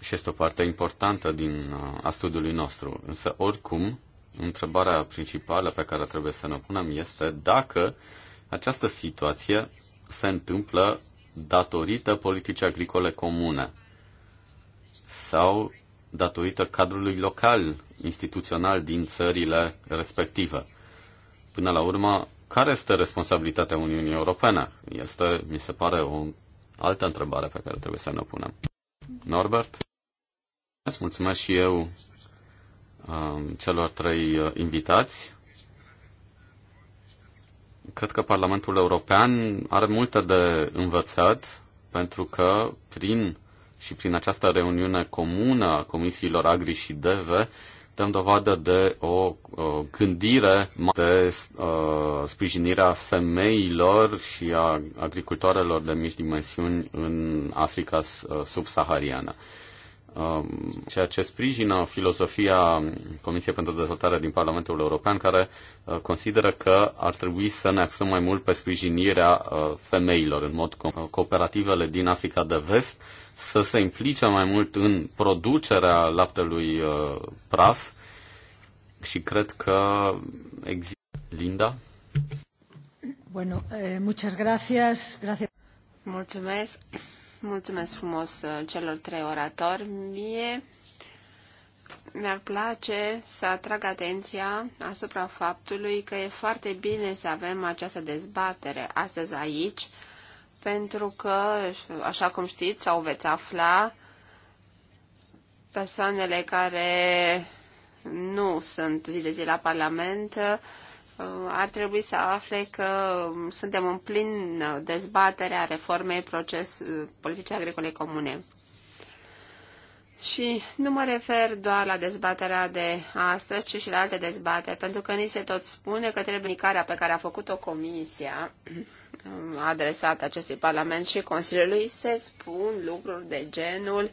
Și este o parte importantă din, a studiului nostru. Însă, oricum, întrebarea principală pe care trebuie să ne punem este dacă această situație se întâmplă datorită politicii agricole comune sau datorită cadrului local, instituțional din țările respective. Până la urmă, care este responsabilitatea Uniunii Europene? Este, mi se pare, o altă întrebare pe care trebuie să ne punem. Norbert? Îți mulțumesc și eu um, celor trei uh, invitați. Cred că Parlamentul European are multe de învățat pentru că prin și prin această reuniune comună a Comisiilor Agri și DEVE dăm dovadă de o o gândire de uh, sprijinirea femeilor și a agricultoarelor de mici dimensiuni în Africa uh, subsahariană. Um, ceea ce sprijină filozofia Comisiei pentru Dezvoltare din Parlamentul European, care uh, consideră că ar trebui să ne axăm mai mult pe sprijinirea uh, femeilor, în mod cooperativele din Africa de Vest, să se implice mai mult în producerea laptelui uh, praf și cred că există. Linda? Bueno, eh, muchas gracias. gracias. Mulțumesc. Mulțumesc frumos uh, celor trei oratori. Mie mi-ar place să atrag atenția asupra faptului că e foarte bine să avem această dezbatere astăzi aici, pentru că, așa cum știți sau veți afla, persoanele care nu sunt zi de zi la Parlament uh, ar trebui să afle că um, suntem în plin dezbatere a reformei proces, uh, politicii agricole comune. Și nu mă refer doar la dezbaterea de astăzi, ci și la alte dezbateri, pentru că ni se tot spune că trebuie comunicarea pe care a făcut-o comisia adresată acestui Parlament și Consiliului se spun lucruri de genul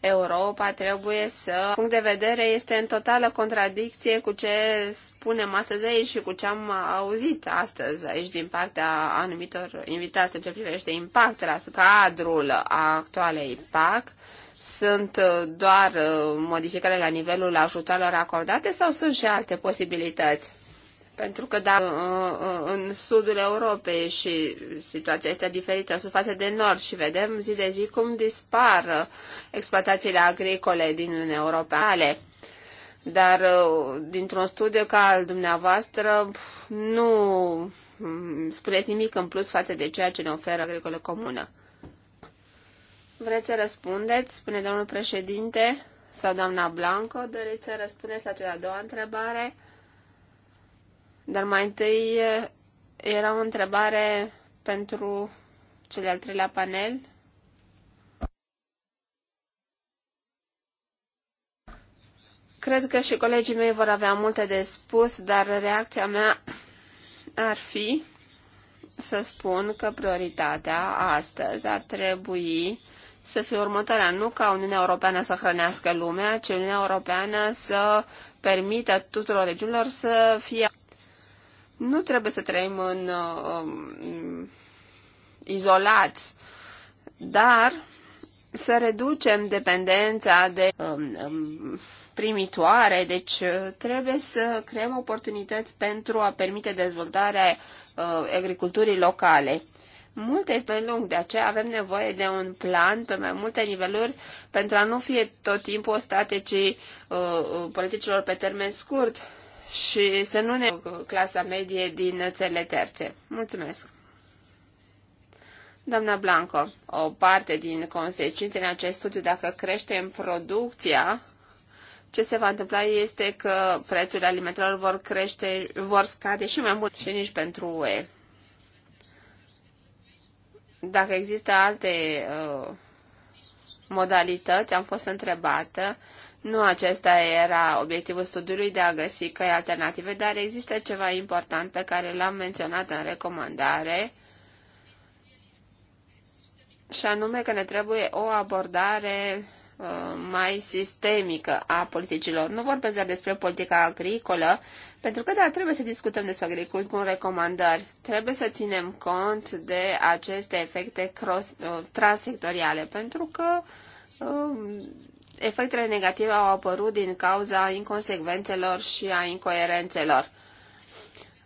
Europa trebuie să... Punct de vedere este în totală contradicție cu ce spunem astăzi aici și cu ce am auzit astăzi aici din partea anumitor invitați în ce privește impactul asupra cadrul actualei PAC sunt uh, doar uh, modificări la nivelul ajutoarelor acordate sau sunt și alte posibilități? Pentru că da, uh, în sudul Europei și situația este diferită sub față de nord și vedem zi de zi cum dispar exploatațiile agricole din Uniunea Europeană. Dar dintr-un studiu ca al dumneavoastră nu mm, spuneți nimic în plus față de ceea ce ne oferă agricole comună. Vreți să răspundeți, spune domnul președinte, sau doamna Blanco, doriți să răspundeți la cea de-a doua întrebare? Dar mai întâi eh, era o întrebare pentru cel de-al treilea panel. Cred că și colegii mei vor avea multe de spus, dar reacția mea ar fi să spun că prioritatea astăzi ar trebui să fie următoarea, nu ca Uniunea Europeană să hrănească lumea, ci Uniunea Europeană să permită tuturor regiunilor să fie... Nu trebuie să trăim în uh, izolați, dar să reducem dependența de um, um primitoare, deci uh, trebuie să creăm oportunități pentru a permite dezvoltarea uh, agriculturii locale. Multe este mai lung, de aceea avem nevoie de un plan pe mai multe niveluri pentru a nu fi tot timpul o statecii uh, uh, politicilor pe termen scurt și să nu ne clasa medie din țările terțe. Mulțumesc! Doamna Blanco, o parte din consecințele în acest studiu, dacă creștem producția, ce se va întâmpla este că prețurile alimentelor vor crește, vor scade și mai mult și nici pentru UE dacă există alte uh, modalități, am fost întrebată. Nu acesta era obiectivul studiului de a găsi căi alternative, dar există ceva important pe care l-am menționat în recomandare, și anume că ne trebuie o abordare uh, mai sistemică a politicilor. Nu vorbesc despre politica agricolă, pentru că, da, trebuie să discutăm despre agricultură cu recomandări. Trebuie să ținem cont de aceste efecte cross, uh, transsectoriale, pentru că um, efectele negative au apărut din cauza inconsecvențelor și a incoerențelor.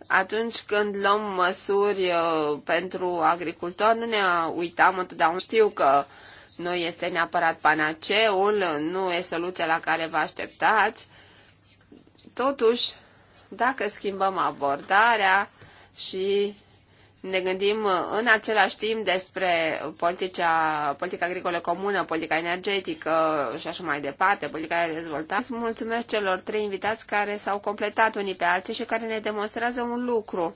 Atunci când luăm măsuri uh, pentru agricultori, nu ne uitam întotdeauna. Știu că nu este neapărat panaceul, nu e soluția la care vă așteptați. Totuși, dacă schimbăm abordarea și ne gândim în același timp despre politica, politica agricolă comună, politica energetică și așa mai departe, politica de dezvoltare. Mulțumesc celor trei invitați care s-au completat unii pe alții și care ne demonstrează un lucru.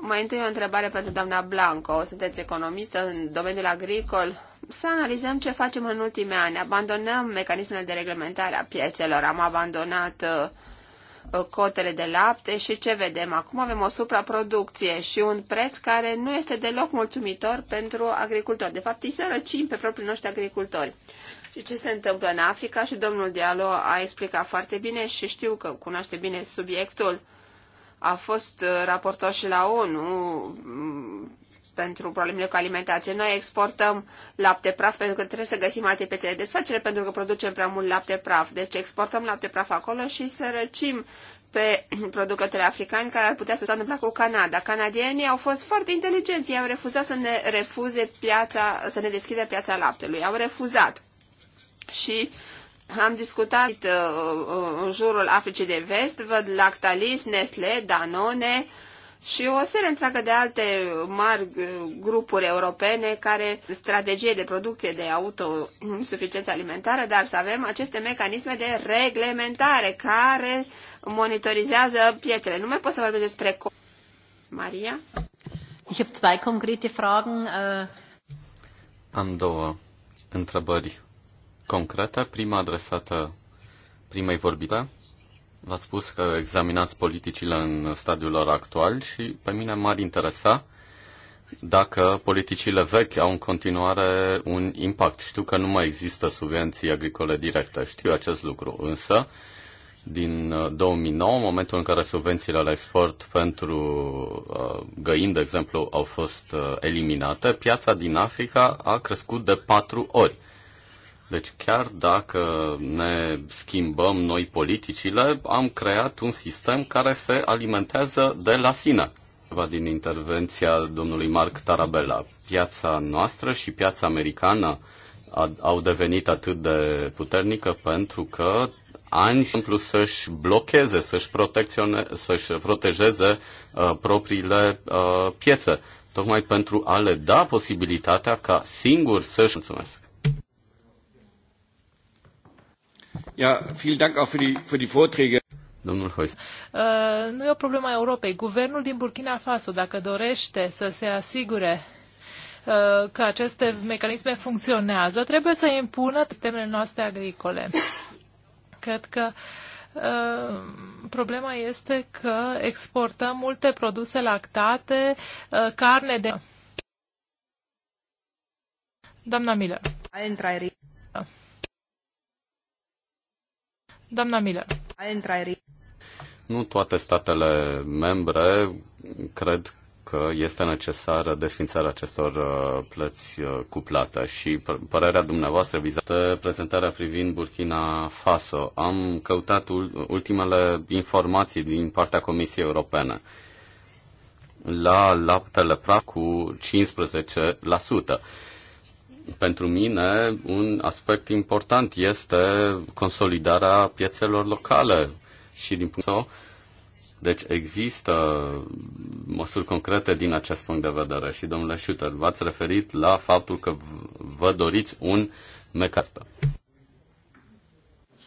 Mai întâi o întrebare pentru doamna Blanco. Sunteți economistă în domeniul agricol. Să analizăm ce facem în ultimii ani. Abandonăm mecanismele de reglementare a piețelor. Am abandonat uh, Uh, cotele de lapte și ce vedem? Acum avem o supraproducție și un preț care nu este deloc mulțumitor pentru agricultori. De fapt, îi sărăcim pe proprii noștri agricultori. Și ce se întâmplă în Africa și domnul Dialo a explicat foarte bine și știu că cunoaște bine subiectul. A fost uh, raportat și la ONU mm, pentru problemele cu alimentație. Noi exportăm lapte praf pentru că trebuie să găsim alte piețe de desfacere pentru că producem prea mult lapte praf. Deci exportăm lapte praf acolo și sărăcim pe producători africani care ar putea să se întâmple cu Canada. Canadienii au fost foarte inteligenți. Ei au refuzat să ne refuze piața, să ne deschidă piața laptelui. Au refuzat. Și am discutat uh, uh în jurul Africii de Vest, văd Lactalis, Nestle, Danone, uh, și o serie întreagă de alte mari grupuri europene care strategie de producție de autosuficiență alimentară, dar să avem aceste mecanisme de reglementare care monitorizează pietrele. Nu mai pot să vorbesc despre... Maria? Ich habe zwei konkrete Fragen. Uh, Am două întrebări concrete. Prima adresată primei vorbire V-ați spus că examinați politicile în stadiul lor actual și pe mine m-ar interesa dacă politicile vechi au în continuare un impact. Știu că nu mai există subvenții agricole directe, știu acest lucru, însă din 2009, uh, momentul în care subvențiile la export pentru uh, găini, de exemplu, au fost uh, eliminate, piața din Africa a crescut de patru ori. Deci chiar dacă ne schimbăm noi politicile, am creat un sistem care se alimentează de la sine. Va din intervenția domnului Mark Tarabella. Piața noastră și piața americană au devenit atât de puternică pentru că ani și în plus să-și blocheze, să-și, să-și protejeze uh, propriile uh, piețe, tocmai pentru a le da posibilitatea ca singur să-și mulțumesc. Ja, vielen Dank auch für die, für die Vorträge. Domnul Uh, nu e o problemă a Europei. Guvernul din Burkina Faso, dacă dorește să se asigure uh, că aceste mecanisme funcționează, trebuie să impună sistemele noastre agricole. Cred că uh, problema este că exportăm multe produse lactate, uh, carne de... Doamna Miller. Doamna Miller. Nu toate statele membre cred că este necesară desfințarea acestor uh, plăți uh, cuplate și părerea dumneavoastră vizată prezentarea privind Burkina Faso. Am căutat ultimele informații din partea Comisiei Europene la laptele praf cu 15% pentru mine un aspect important este consolidarea piețelor locale și din punctul meu deci există măsuri concrete din acest punct de vedere și, domnule Schutter, v-ați referit la faptul că vă doriți un mecanism.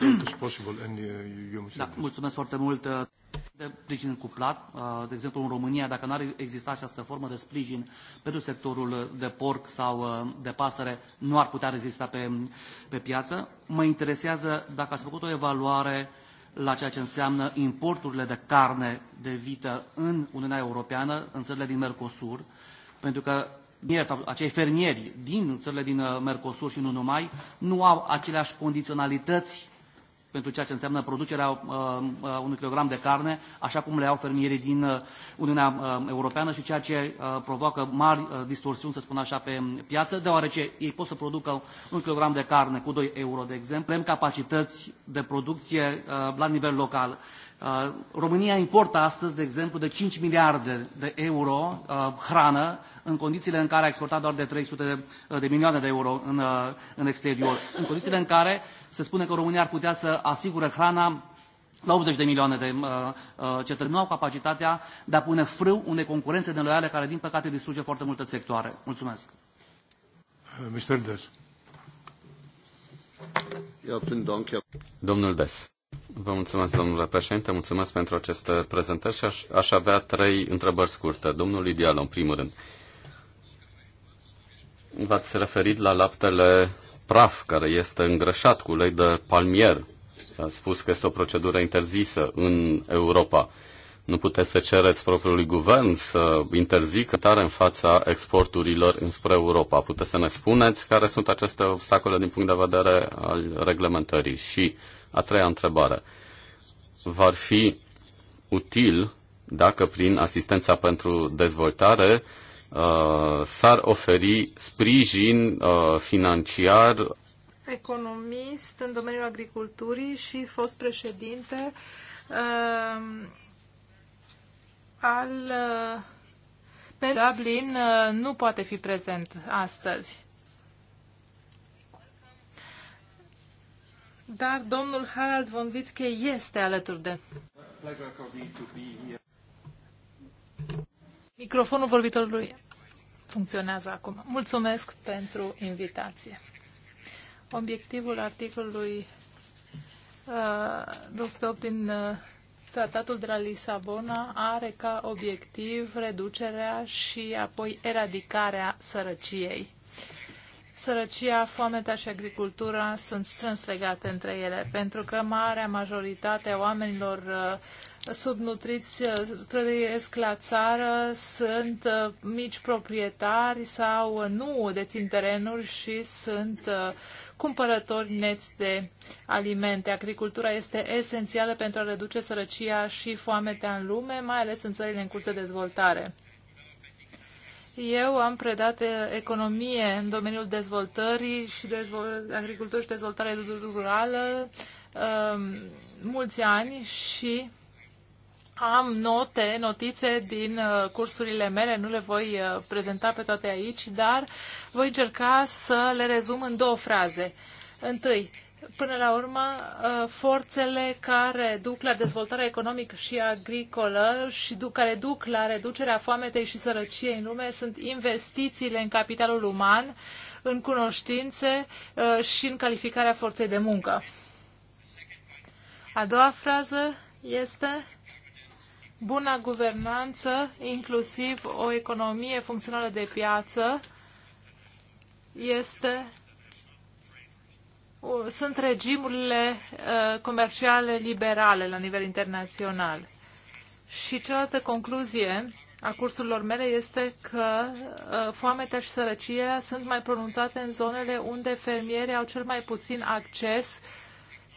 Uh, da, mulțumesc foarte mult. Uh, de sprijin cuplat, uh, de exemplu în România, dacă n-ar exista această formă de sprijin pentru sectorul de porc sau de pasăre, nu ar putea rezista pe, pe piață. Mă interesează dacă ați făcut o evaluare la ceea ce înseamnă importurile de carne de vită în Uniunea Europeană, în țările din Mercosur, pentru că acei fermieri din țările din Mercosur și nu numai, nu au aceleași condiționalități pentru ceea ce înseamnă producerea uh, uh, unui kilogram de carne, așa cum le au fermierii din uh, Uniunea Europeană și ceea ce provoacă mari distorsiuni, să spun așa, pe piață, deoarece ei pot să producă un kilogram de carne cu 2 euro, de exemplu. Avem capacități de producție la nivel local. România importă astăzi, de exemplu, de 5 miliarde de euro hrană în condițiile în care a exportat doar de 300 de, de milioane de euro în, în exterior, în condițiile în care se spune că România ar putea să asigure hrana la 80 de milioane de uh, uh, cetățeni. Nu au capacitatea de a pune frâu unei concurențe neloiale care, din păcate, distruge foarte multe sectoare. Mulțumesc. Uh, Mr. Des. Domnul Des. Vă mulțumesc, domnule președinte, mulțumesc pentru aceste prezentări și aș, aș avea trei întrebări scurte. Domnul Ideal, în primul rând. V-ați referit la laptele praf care este îngrășat cu ulei de palmier. A spus că este o procedură interzisă în Europa. Nu puteți să cereți propriului guvern să interzică tare în fața exporturilor înspre Europa. Puteți să ne spuneți care sunt aceste obstacole din punct de vedere al reglementării. Și a treia întrebare. Va fi util dacă prin asistența pentru dezvoltare uh, s-ar oferi sprijin uh, financiar. Economist în domeniul agriculturii și fost președinte uh, al uh, Dublin uh, nu poate fi prezent astăzi. Dar domnul Harald von Witzke este alături de. Microfonul vorbitorului funcționează acum. Mulțumesc pentru invitație. Obiectivul articolului uh, 208 din uh, Tratatul de la Lisabona are ca obiectiv reducerea și apoi eradicarea sărăciei. Sărăcia, foamea și agricultura sunt strâns legate între ele, pentru că marea majoritate a oamenilor uh, subnutriți uh, trăiesc la țară, sunt uh, mici proprietari sau uh, nu dețin terenuri și sunt cumpărători neți de alimente. Agricultura este esențială pentru a reduce sărăcia și foametea în lume, mai ales în țările în curs de dezvoltare. Eu am predat economie în domeniul dezvoltării și dezvolt agricultură și dezvoltare rurală um, mulți ani și am note, notițe din uh, cursurile mele, nu le voi uh, prezenta pe toate aici, dar voi încerca să le rezum în două fraze. Întâi, până la urmă, uh, forțele care duc la dezvoltarea economică și agricolă și care duc la reducerea foametei și sărăciei în lume sunt investițiile în capitalul uman, în cunoștințe și în calificarea forței de muncă. A doua frază este buna guvernanță, inclusiv o economie funcțională de piață, este sunt regimurile ă, comerciale liberale la nivel internațional. Și cealaltă concluzie a cursurilor mele este că ă, foamea și sărăcia sunt mai pronunțate în zonele unde fermierii au cel mai puțin acces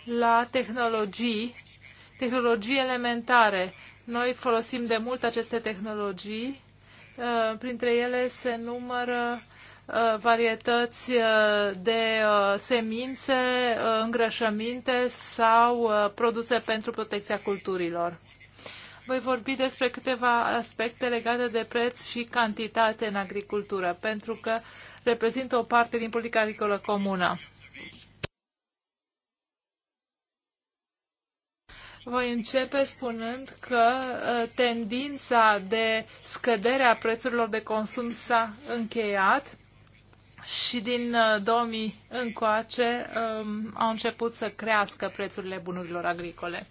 la tehnologii, tehnologii elementare, noi folosim de mult aceste tehnologii. Uh, printre ele se numără uh, varietăți uh, de semințe, îngrășăminte sau produse pentru protecția culturilor. Voi vorbi despre câteva aspecte legate de preț și cantitate în agricultură, pentru că reprezintă o parte din politica agricolă comună. Voi începe spunând că uh, tendința de scădere a prețurilor de consum s-a încheiat și din 2000 uh, încoace um, au început să crească prețurile bunurilor agricole.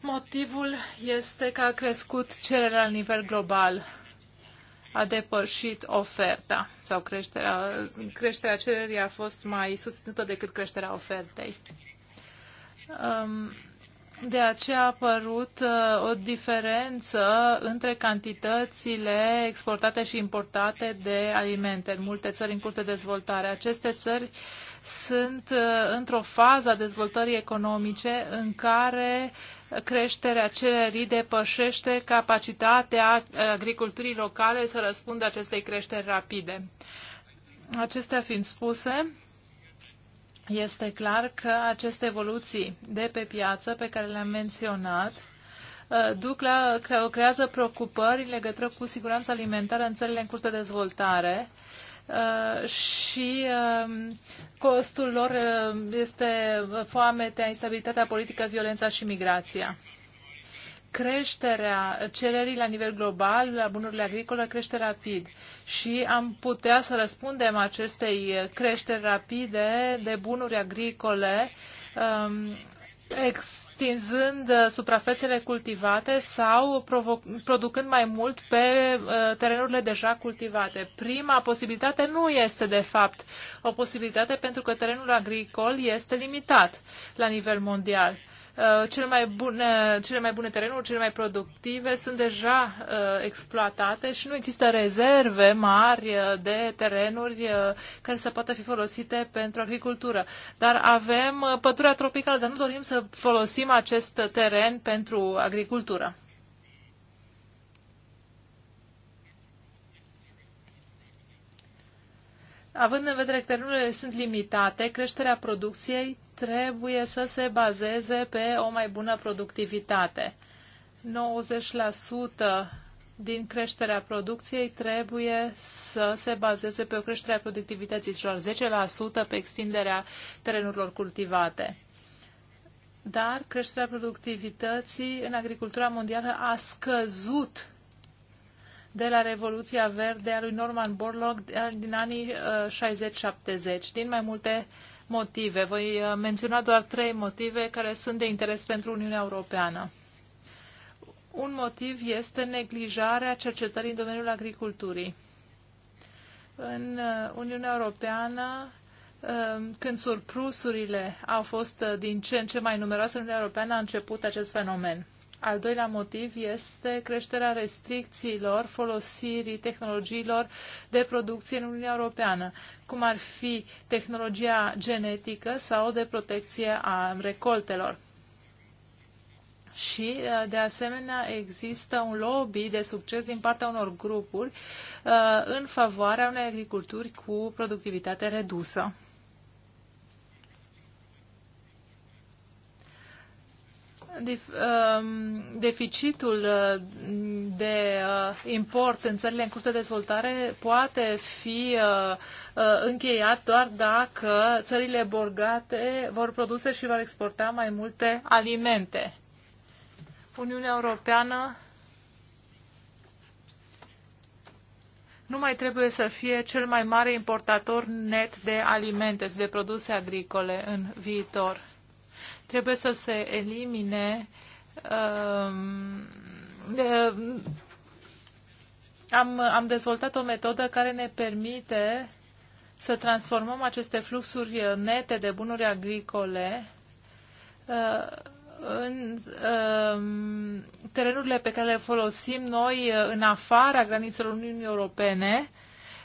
Motivul este că a crescut cererea la nivel global, a depășit oferta sau creșterea, creșterea cererii a fost mai susținută decât creșterea ofertei. Um, de aceea a apărut uh, o diferență între cantitățile exportate și importate de alimente în multe țări în curte de dezvoltare. Aceste țări sunt uh, într-o fază a dezvoltării economice în care creșterea cererii depășește capacitatea uh, agriculturii locale să răspundă acestei creșteri rapide. Acestea fiind spuse, este clar că aceste evoluții de pe piață pe care le-am menționat uh, duc la, creează preocupări în legătură cu siguranța alimentară în țările în curs de dezvoltare uh, și uh, costul lor este foamea, instabilitatea politică, violența și migrația creșterea cererii la nivel global la bunurile agricole crește rapid și am putea să răspundem acestei creșteri rapide de bunuri agricole um, extinzând suprafețele cultivate sau producând mai mult pe uh, terenurile deja cultivate. Prima posibilitate nu este, de fapt, o posibilitate pentru că terenul agricol este limitat la nivel mondial. Uh, cele mai bune, cele mai bune terenuri, cele mai productive sunt deja uh, exploatate și nu există rezerve mari uh, de terenuri care să poată fi folosite pentru agricultură. Dar avem pădurea tropicală, dar nu dorim să folosim acest teren pentru agricultură. Având în vedere că terenurile sunt limitate, creșterea producției trebuie să se bazeze pe o mai bună productivitate. 90% din creșterea producției trebuie să se bazeze pe o creștere a productivității și deci doar 10% pe extinderea terenurilor cultivate. Dar creșterea productivității în agricultura mondială a scăzut de la Revoluția Verde a lui Norman Borlaug din anii 60-70, uh, din mai multe motive. Voi uh, menționa doar trei motive care sunt de interes pentru Uniunea Europeană. Un motiv este neglijarea cercetării în domeniul agriculturii. În uh, Uniunea Europeană, când surplusurile au fost din ce în ce mai numeroase în Uniunea Europeană, a început acest fenomen. Al doilea motiv este creșterea restricțiilor folosirii tehnologiilor de producție în Uniunea Europeană, cum ar fi tehnologia genetică sau de protecție a recoltelor. Și, uh, de asemenea, există un lobby de succes din partea unor grupuri uh, în favoarea unei agriculturi cu productivitate redusă. Um, deficitul uh, de uh, import în țările în curs de dezvoltare poate fi uh, încheiat doar dacă țările borgate vor produce și vor exporta mai multe alimente. Uniunea Europeană nu mai trebuie să fie cel mai mare importator net de alimente, de produse agricole în viitor trebuie să se elimine um, am, am dezvoltat o metodă care ne permite să transformăm aceste fluxuri nete de bunuri agricole uh, în um, terenurile pe care le folosim noi uh, în afara granițelor Uniunii Europene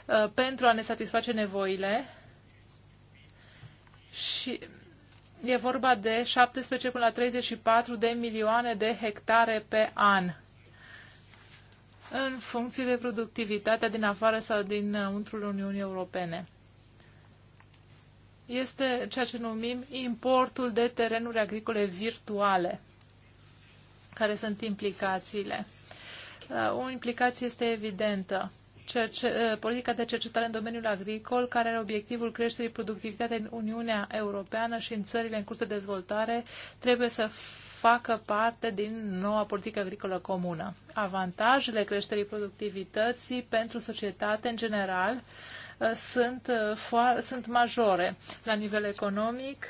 uh, pentru a ne satisface nevoile și e vorba de 17 până la 34 de milioane de hectare pe an în funcție de productivitatea din afară sau din untrul Uniunii Europene. Este ceea ce numim importul de terenuri agricole virtuale, care sunt implicațiile. Uh, o implicație este evidentă. Eh, politica de cercetare în domeniul agricol, care are obiectivul creșterii productivității în Uniunea Europeană și în țările în curs de dezvoltare, trebuie să facă parte din noua politică agricolă comună. Avantajele creșterii productivității pentru societate în general eh, sunt, eh, sunt majore la nivel economic,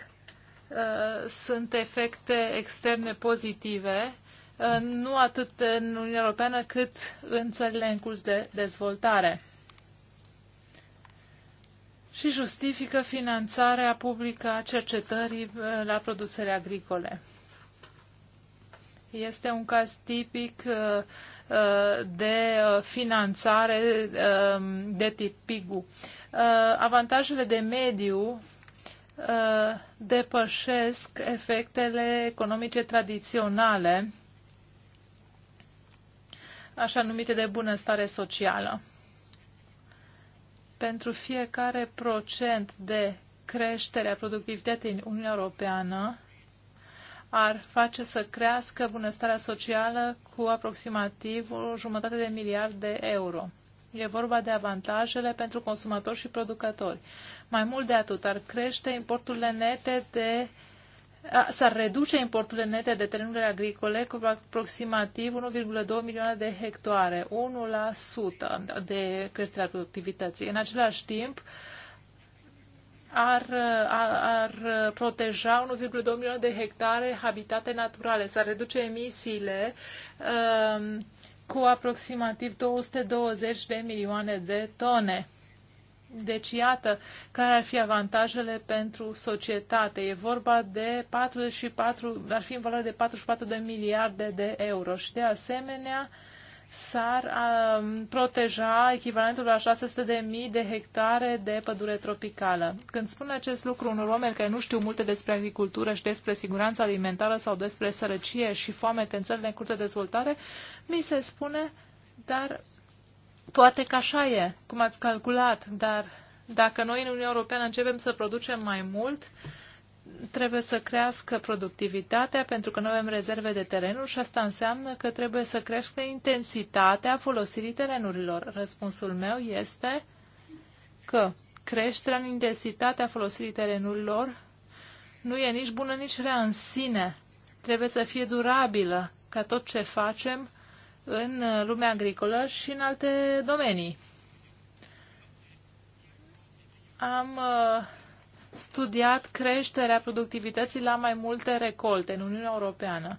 sunt efecte externe pozitive Uh, nu atât în Uniunea Europeană, cât în țările în curs de dezvoltare. Și justifică finanțarea publică a cercetării uh, la produsele agricole. Este un caz tipic uh, de finanțare de tip PIGU. Avantajele de mediu depășesc efectele economice tradiționale așa numite de bunăstare socială. Pentru fiecare procent de creștere a productivității în Uniunea Europeană ar face să crească bunăstarea socială cu aproximativ o jumătate de miliard de euro. E vorba de avantajele pentru consumatori și producători. Mai mult de atât, ar crește importurile nete de uh, s-ar reduce importurile nete de terenuri agricole cu aproximativ 1,2 milioane de hectare, 1% de creșterea productivității. În același timp, ar, ar, ar proteja 1,2 milioane de hectare habitate naturale, s-ar reduce emisiile um, cu aproximativ 220 de milioane de tone. Deci, iată care ar fi avantajele pentru societate. E vorba de 44, ar fi în valoare de 44 de miliarde de euro și, de asemenea, s-ar um, proteja echivalentul la 600 de mii de hectare de pădure tropicală. Când spun acest lucru unor oameni care nu știu multe despre agricultură și despre siguranța alimentară sau despre sărăcie și foamete în țările în curte dezvoltare, mi se spune, dar Poate că așa e, cum ați calculat, dar dacă noi în Uniunea Europeană începem să producem mai mult, trebuie să crească productivitatea pentru că noi avem rezerve de terenuri și asta înseamnă că trebuie să crească intensitatea folosirii terenurilor. Răspunsul meu este că creșterea în intensitatea folosirii terenurilor nu e nici bună, nici rea în sine. Trebuie să fie durabilă, ca tot ce facem în lumea agricolă și în alte domenii. Am uh, studiat creșterea productivității la mai multe recolte în Uniunea Europeană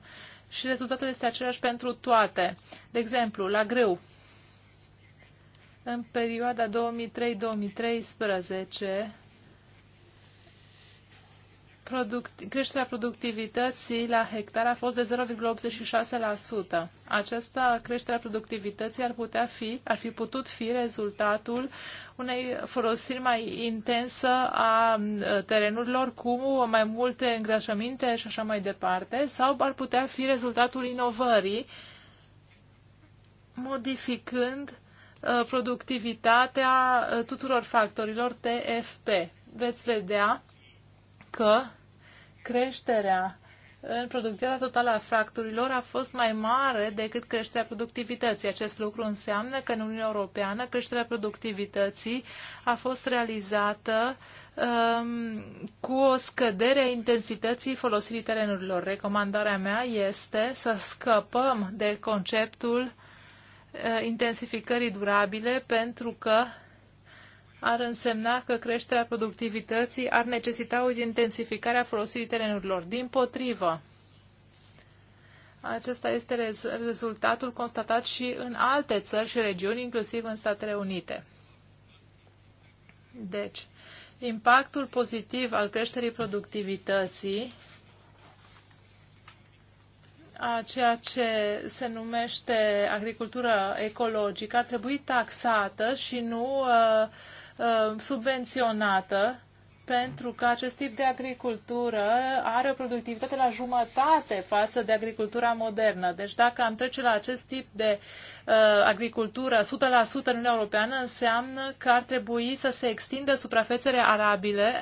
și rezultatul este același pentru toate. De exemplu, la grâu, în perioada 2003-2013, Product, creșterea productivității la hectare a fost de 0,86%. Această creștere a productivității ar, putea fi, ar fi putut fi rezultatul unei folosiri mai intensă a terenurilor cu mai multe îngrașăminte și așa mai departe, sau ar putea fi rezultatul inovării, modificând productivitatea tuturor factorilor TFP. Veți vedea că creșterea în productivitatea totală a fracturilor a fost mai mare decât creșterea productivității. Acest lucru înseamnă că în Uniunea Europeană creșterea productivității a fost realizată um, cu o scădere a intensității folosirii terenurilor. Recomandarea mea este să scăpăm de conceptul uh, intensificării durabile pentru că ar însemna că creșterea productivității ar necesita o intensificare a folosirii terenurilor. Din potrivă, acesta este rezultatul constatat și în alte țări și regiuni, inclusiv în Statele Unite. Deci, impactul pozitiv al creșterii productivității a ceea ce se numește agricultura ecologică ar trebui taxată și nu uh, Uh, subvenționată pentru că acest tip de agricultură are o productivitate la jumătate față de agricultura modernă. Deci dacă am trece la acest tip de uh, agricultură 100% în Uniunea Europeană, înseamnă că ar trebui să se extindă suprafețele arabile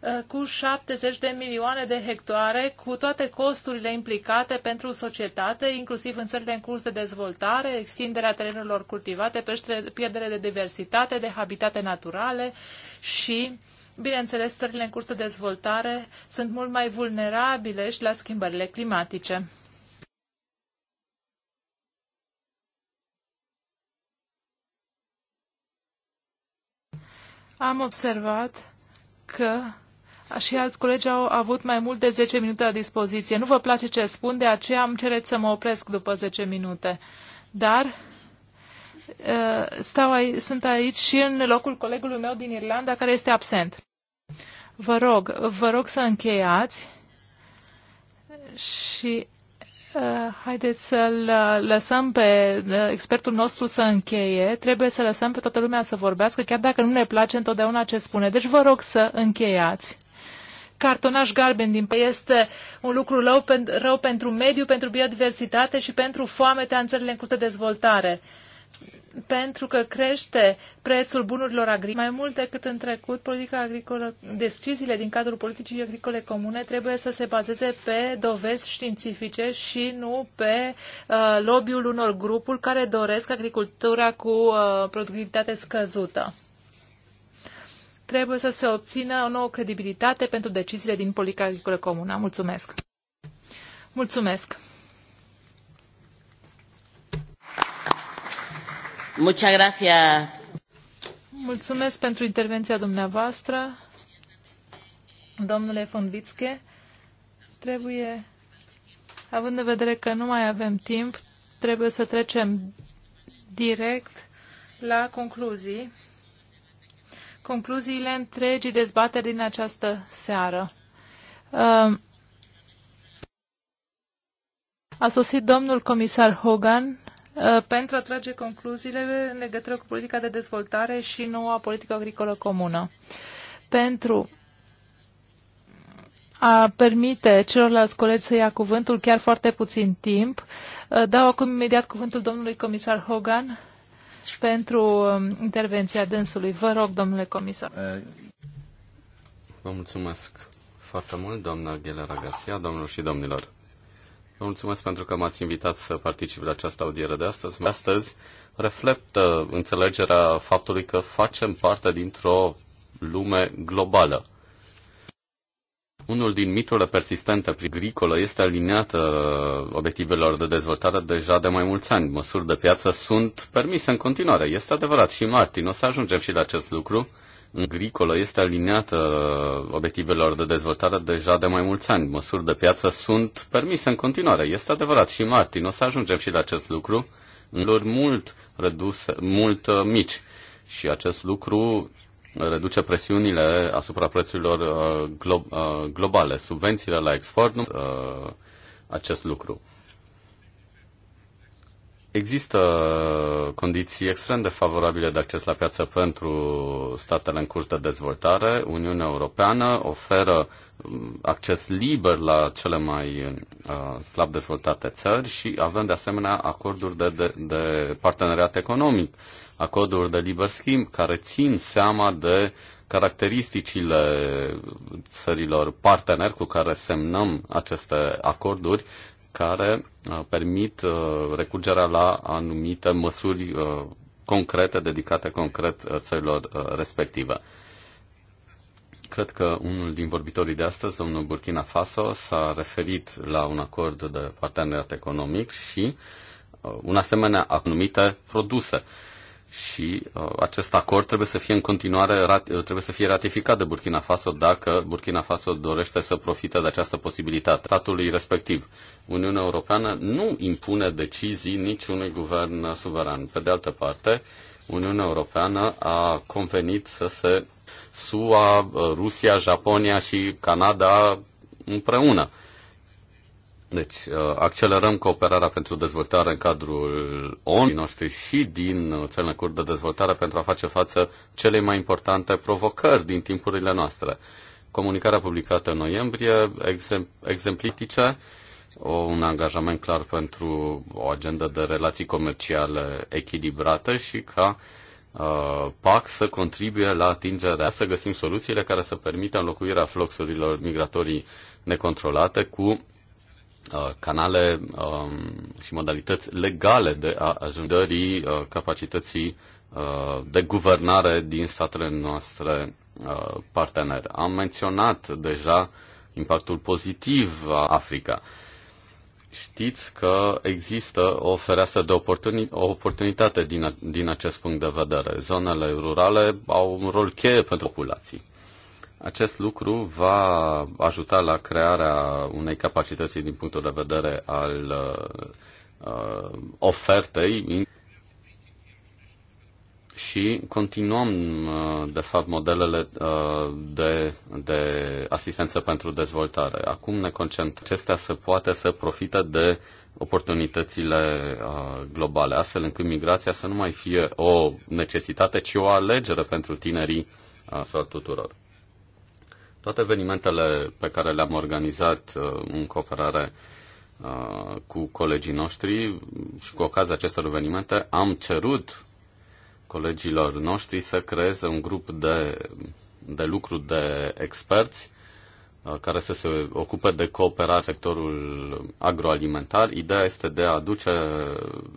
uh, cu 70 de milioane de hectare, cu toate costurile implicate pentru societate, inclusiv în țările în curs de dezvoltare, extinderea terenurilor cultivate, pierdere de diversitate, de habitate naturale și uh, bineînțeles, țările în curs de dezvoltare sunt mult mai vulnerabile și la schimbările climatice. Am observat că și alți colegi au avut mai mult de 10 minute la dispoziție. Nu vă place ce spun, de aceea am cereți să mă opresc după 10 minute. Dar Eh, stau aici, sunt aici și în locul colegului meu din Irlanda care este absent. Vă rog, vă rog să încheiați și uh, haideți să-l eh, lăsăm pe expertul nostru să încheie. Trebuie să lăsăm pe toată lumea să vorbească, chiar dacă nu ne place întotdeauna ce spune. Deci vă rog să încheiați cartonaș galben din este un lucru rău, rău pentru mediu, pentru biodiversitate și pentru foametea în țările în curte de dezvoltare pentru că crește prețul bunurilor agricole mai mult decât în trecut, politica agricolă, deciziile din cadrul politicii agricole comune trebuie să se bazeze pe dovezi științifice și nu pe uh, lobby-ul unor grupuri care doresc agricultura cu uh, productivitate scăzută. Trebuie să se obțină o nouă credibilitate pentru deciziile din politica agricolă comună. Mulțumesc! Mulțumesc! Muchas gracias. Mulțumesc pentru intervenția dumneavoastră. Domnule Fonvitske, trebuie, având în vedere că nu mai avem timp, trebuie să trecem direct la concluzii. Concluziile întregii dezbateri din această seară. Uh, a sosit domnul comisar Hogan Uh, pentru a trage concluziile în legătură cu politica de dezvoltare și noua politică agricolă comună. Pentru a permite celorlalți colegi să ia cuvântul, chiar foarte puțin timp, uh, dau acum imediat cuvântul domnului comisar Hogan pentru um, intervenția dânsului. Vă rog, domnule comisar. Uh, vă mulțumesc foarte mult, doamna Ghelera Garcia, domnilor și domnilor. Vă mulțumesc pentru că m-ați invitat să particip la această audiere de astăzi. Astăzi reflectă înțelegerea faptului că facem parte dintr-o lume globală. Unul din miturile persistente agricole agricolă este aliniată obiectivelor de dezvoltare deja de mai mulți ani. Măsuri de piață sunt permise în continuare. Este adevărat și martin. O să ajungem și la acest lucru agricolă este aliniată obiectivelor de dezvoltare deja de mai mulți ani. Măsuri de piață sunt permise în continuare. Este adevărat și Martin, o să ajungem și la acest lucru în lor mult reduse, mult uh, mici. Și acest lucru reduce presiunile asupra prețurilor uh, glo- uh, globale. Subvențiile la export nu acest lucru. Există condiții extrem de favorabile de acces la piață pentru statele în curs de dezvoltare. Uniunea Europeană oferă mm, acces liber la cele mai uh, slab dezvoltate țări și avem de asemenea acorduri de, de, de parteneriat economic, acorduri de liber schimb care țin seama de caracteristicile țărilor parteneri cu care semnăm aceste acorduri care uh, permit uh, recurgerea la anumite măsuri uh, concrete, dedicate concret țărilor respective. Cred că unul din vorbitorii de astăzi, domnul Burkina Faso, s-a referit la un acord de parteneriat economic și un asemenea anumite produse. Uh, și uh, acest acord trebuie să fie în continuare rat, uh, trebuie să fie ratificat de Burkina Faso dacă Burkina Faso dorește să profite de această posibilitate statului respectiv. Uniunea Europeană nu impune decizii niciunui guvern suveran. Pe de altă parte, Uniunea Europeană a convenit să se SUA, uh, Rusia, Japonia și Canada împreună. Deci, uh, accelerăm cooperarea pentru dezvoltare în cadrul ONU noștri și din uh, țările curte de dezvoltare pentru a face față cele mai importante provocări din timpurile noastre. Comunicarea publicată în noiembrie, exemplitice, un angajament clar pentru o agendă de relații comerciale echilibrată și ca uh, PAC să contribuie la atingerea, să găsim soluțiile care să permită înlocuirea fluxurilor migratorii necontrolate cu Uh, canale um, și modalități legale de a ajungării uh, capacității uh, de guvernare din statele noastre partenere. Am menționat deja impactul pozitiv a Africa. Știți că există o fereastră de oportuni- o oportunitate din, din acest punct de vedere. Zonele rurale au un rol cheie pentru populații. Acest lucru va ajuta la crearea unei capacități din punctul de vedere al uh, uh ofertei și continuăm, uh, de fapt, modelele uh, de, de asistență pentru dezvoltare. Acum ne concentrăm. Acestea se poate să profite de oportunitățile globale, astfel încât migrația să nu mai fie o necesitate, ci o alegere pentru tinerii sau tuturor. Toate evenimentele pe care le-am organizat uh, în cooperare uh, cu colegii noștri și cu ocazia acestor evenimente am cerut colegilor noștri să creeze un grup de, de lucru de experți uh, care să se ocupe de cooperare sectorul agroalimentar. Ideea este de a aduce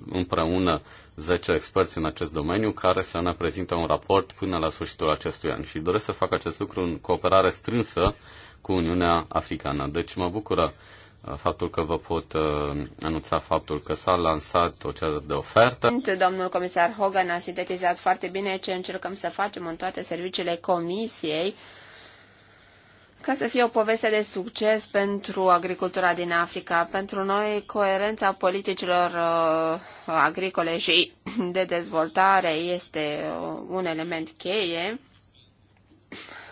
împreună 10 experți în acest domeniu care să ne prezintă un raport până la sfârșitul acestui an și doresc să fac acest lucru în cooperare strânsă cu Uniunea Africană. Deci mă bucură uh, faptul că vă pot uh, anunța faptul că s-a lansat o cerere de ofertă. Domnul comisar Hogan a sintetizat foarte bine ce încercăm să facem în toate serviciile comisiei ca să fie o poveste de succes pentru agricultura din Africa. Pentru noi, coerența politicilor uh, agricole și de dezvoltare este uh, un element cheie.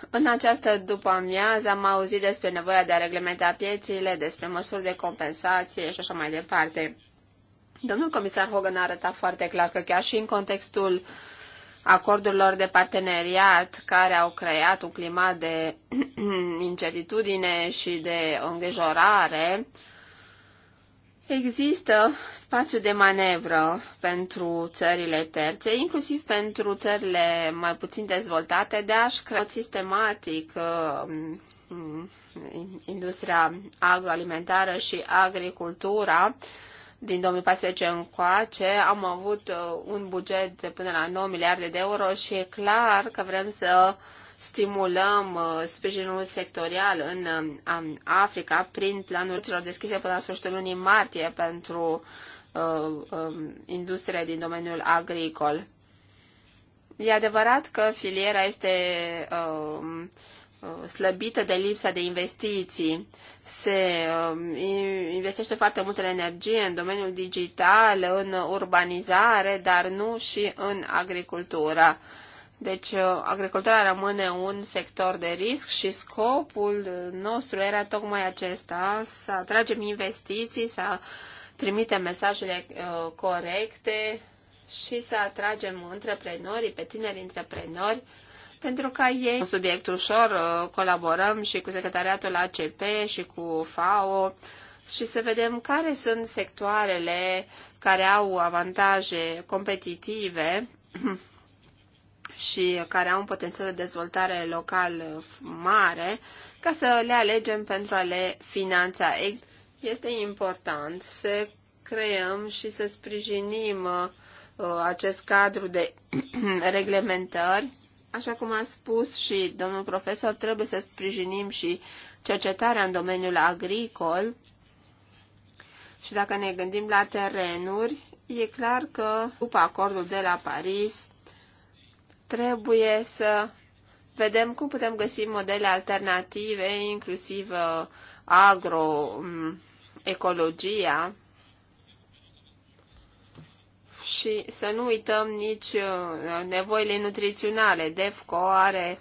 În această după-amiază am auzit despre nevoia de a reglementa piețile, despre măsuri de compensație și așa mai departe. Domnul comisar Hogan a arătat foarte clar că chiar și în contextul uh, acordurilor de parteneriat care au creat un climat de incertitudine și de îngrijorare, există spațiu de manevră pentru țările terțe, inclusiv pentru țările mai puțin dezvoltate, de a-și crea sistematic uh, industria agroalimentară și agricultura, din 2014 încoace am avut uh, un buget de până la 9 miliarde de euro și e clar că vrem să stimulăm uh, sprijinul sectorial în um, Africa prin planul celor deschise până la sfârșitul lunii martie pentru uh, um, industria din domeniul agricol. E adevărat că filiera este um, Uh, slăbită de lipsa de investiții. Se um, investește foarte multă energie în domeniul digital, în urbanizare, dar nu și în agricultură. Deci, uh, agricultura rămâne un sector de risc și scopul nostru era tocmai acesta, să atragem investiții, să trimitem mesajele uh, corecte și să atragem întreprenorii, pe tineri întreprenori pentru ca ei... Un subiect ușor, uh, colaborăm și cu secretariatul ACP și cu FAO și să vedem care sunt sectoarele care au avantaje competitive și care au un potențial de dezvoltare local mare, ca să le alegem pentru a le finanța. Este important să creăm și să sprijinim uh, acest cadru de reglementări Așa cum a spus și domnul profesor, trebuie să sprijinim și cercetarea în domeniul agricol și dacă ne gândim la terenuri, e clar că după acordul de la Paris trebuie să vedem cum putem găsi modele alternative, inclusiv uh, agroecologia, um, și să nu uităm nici uh, nevoile nutriționale. DEFCO are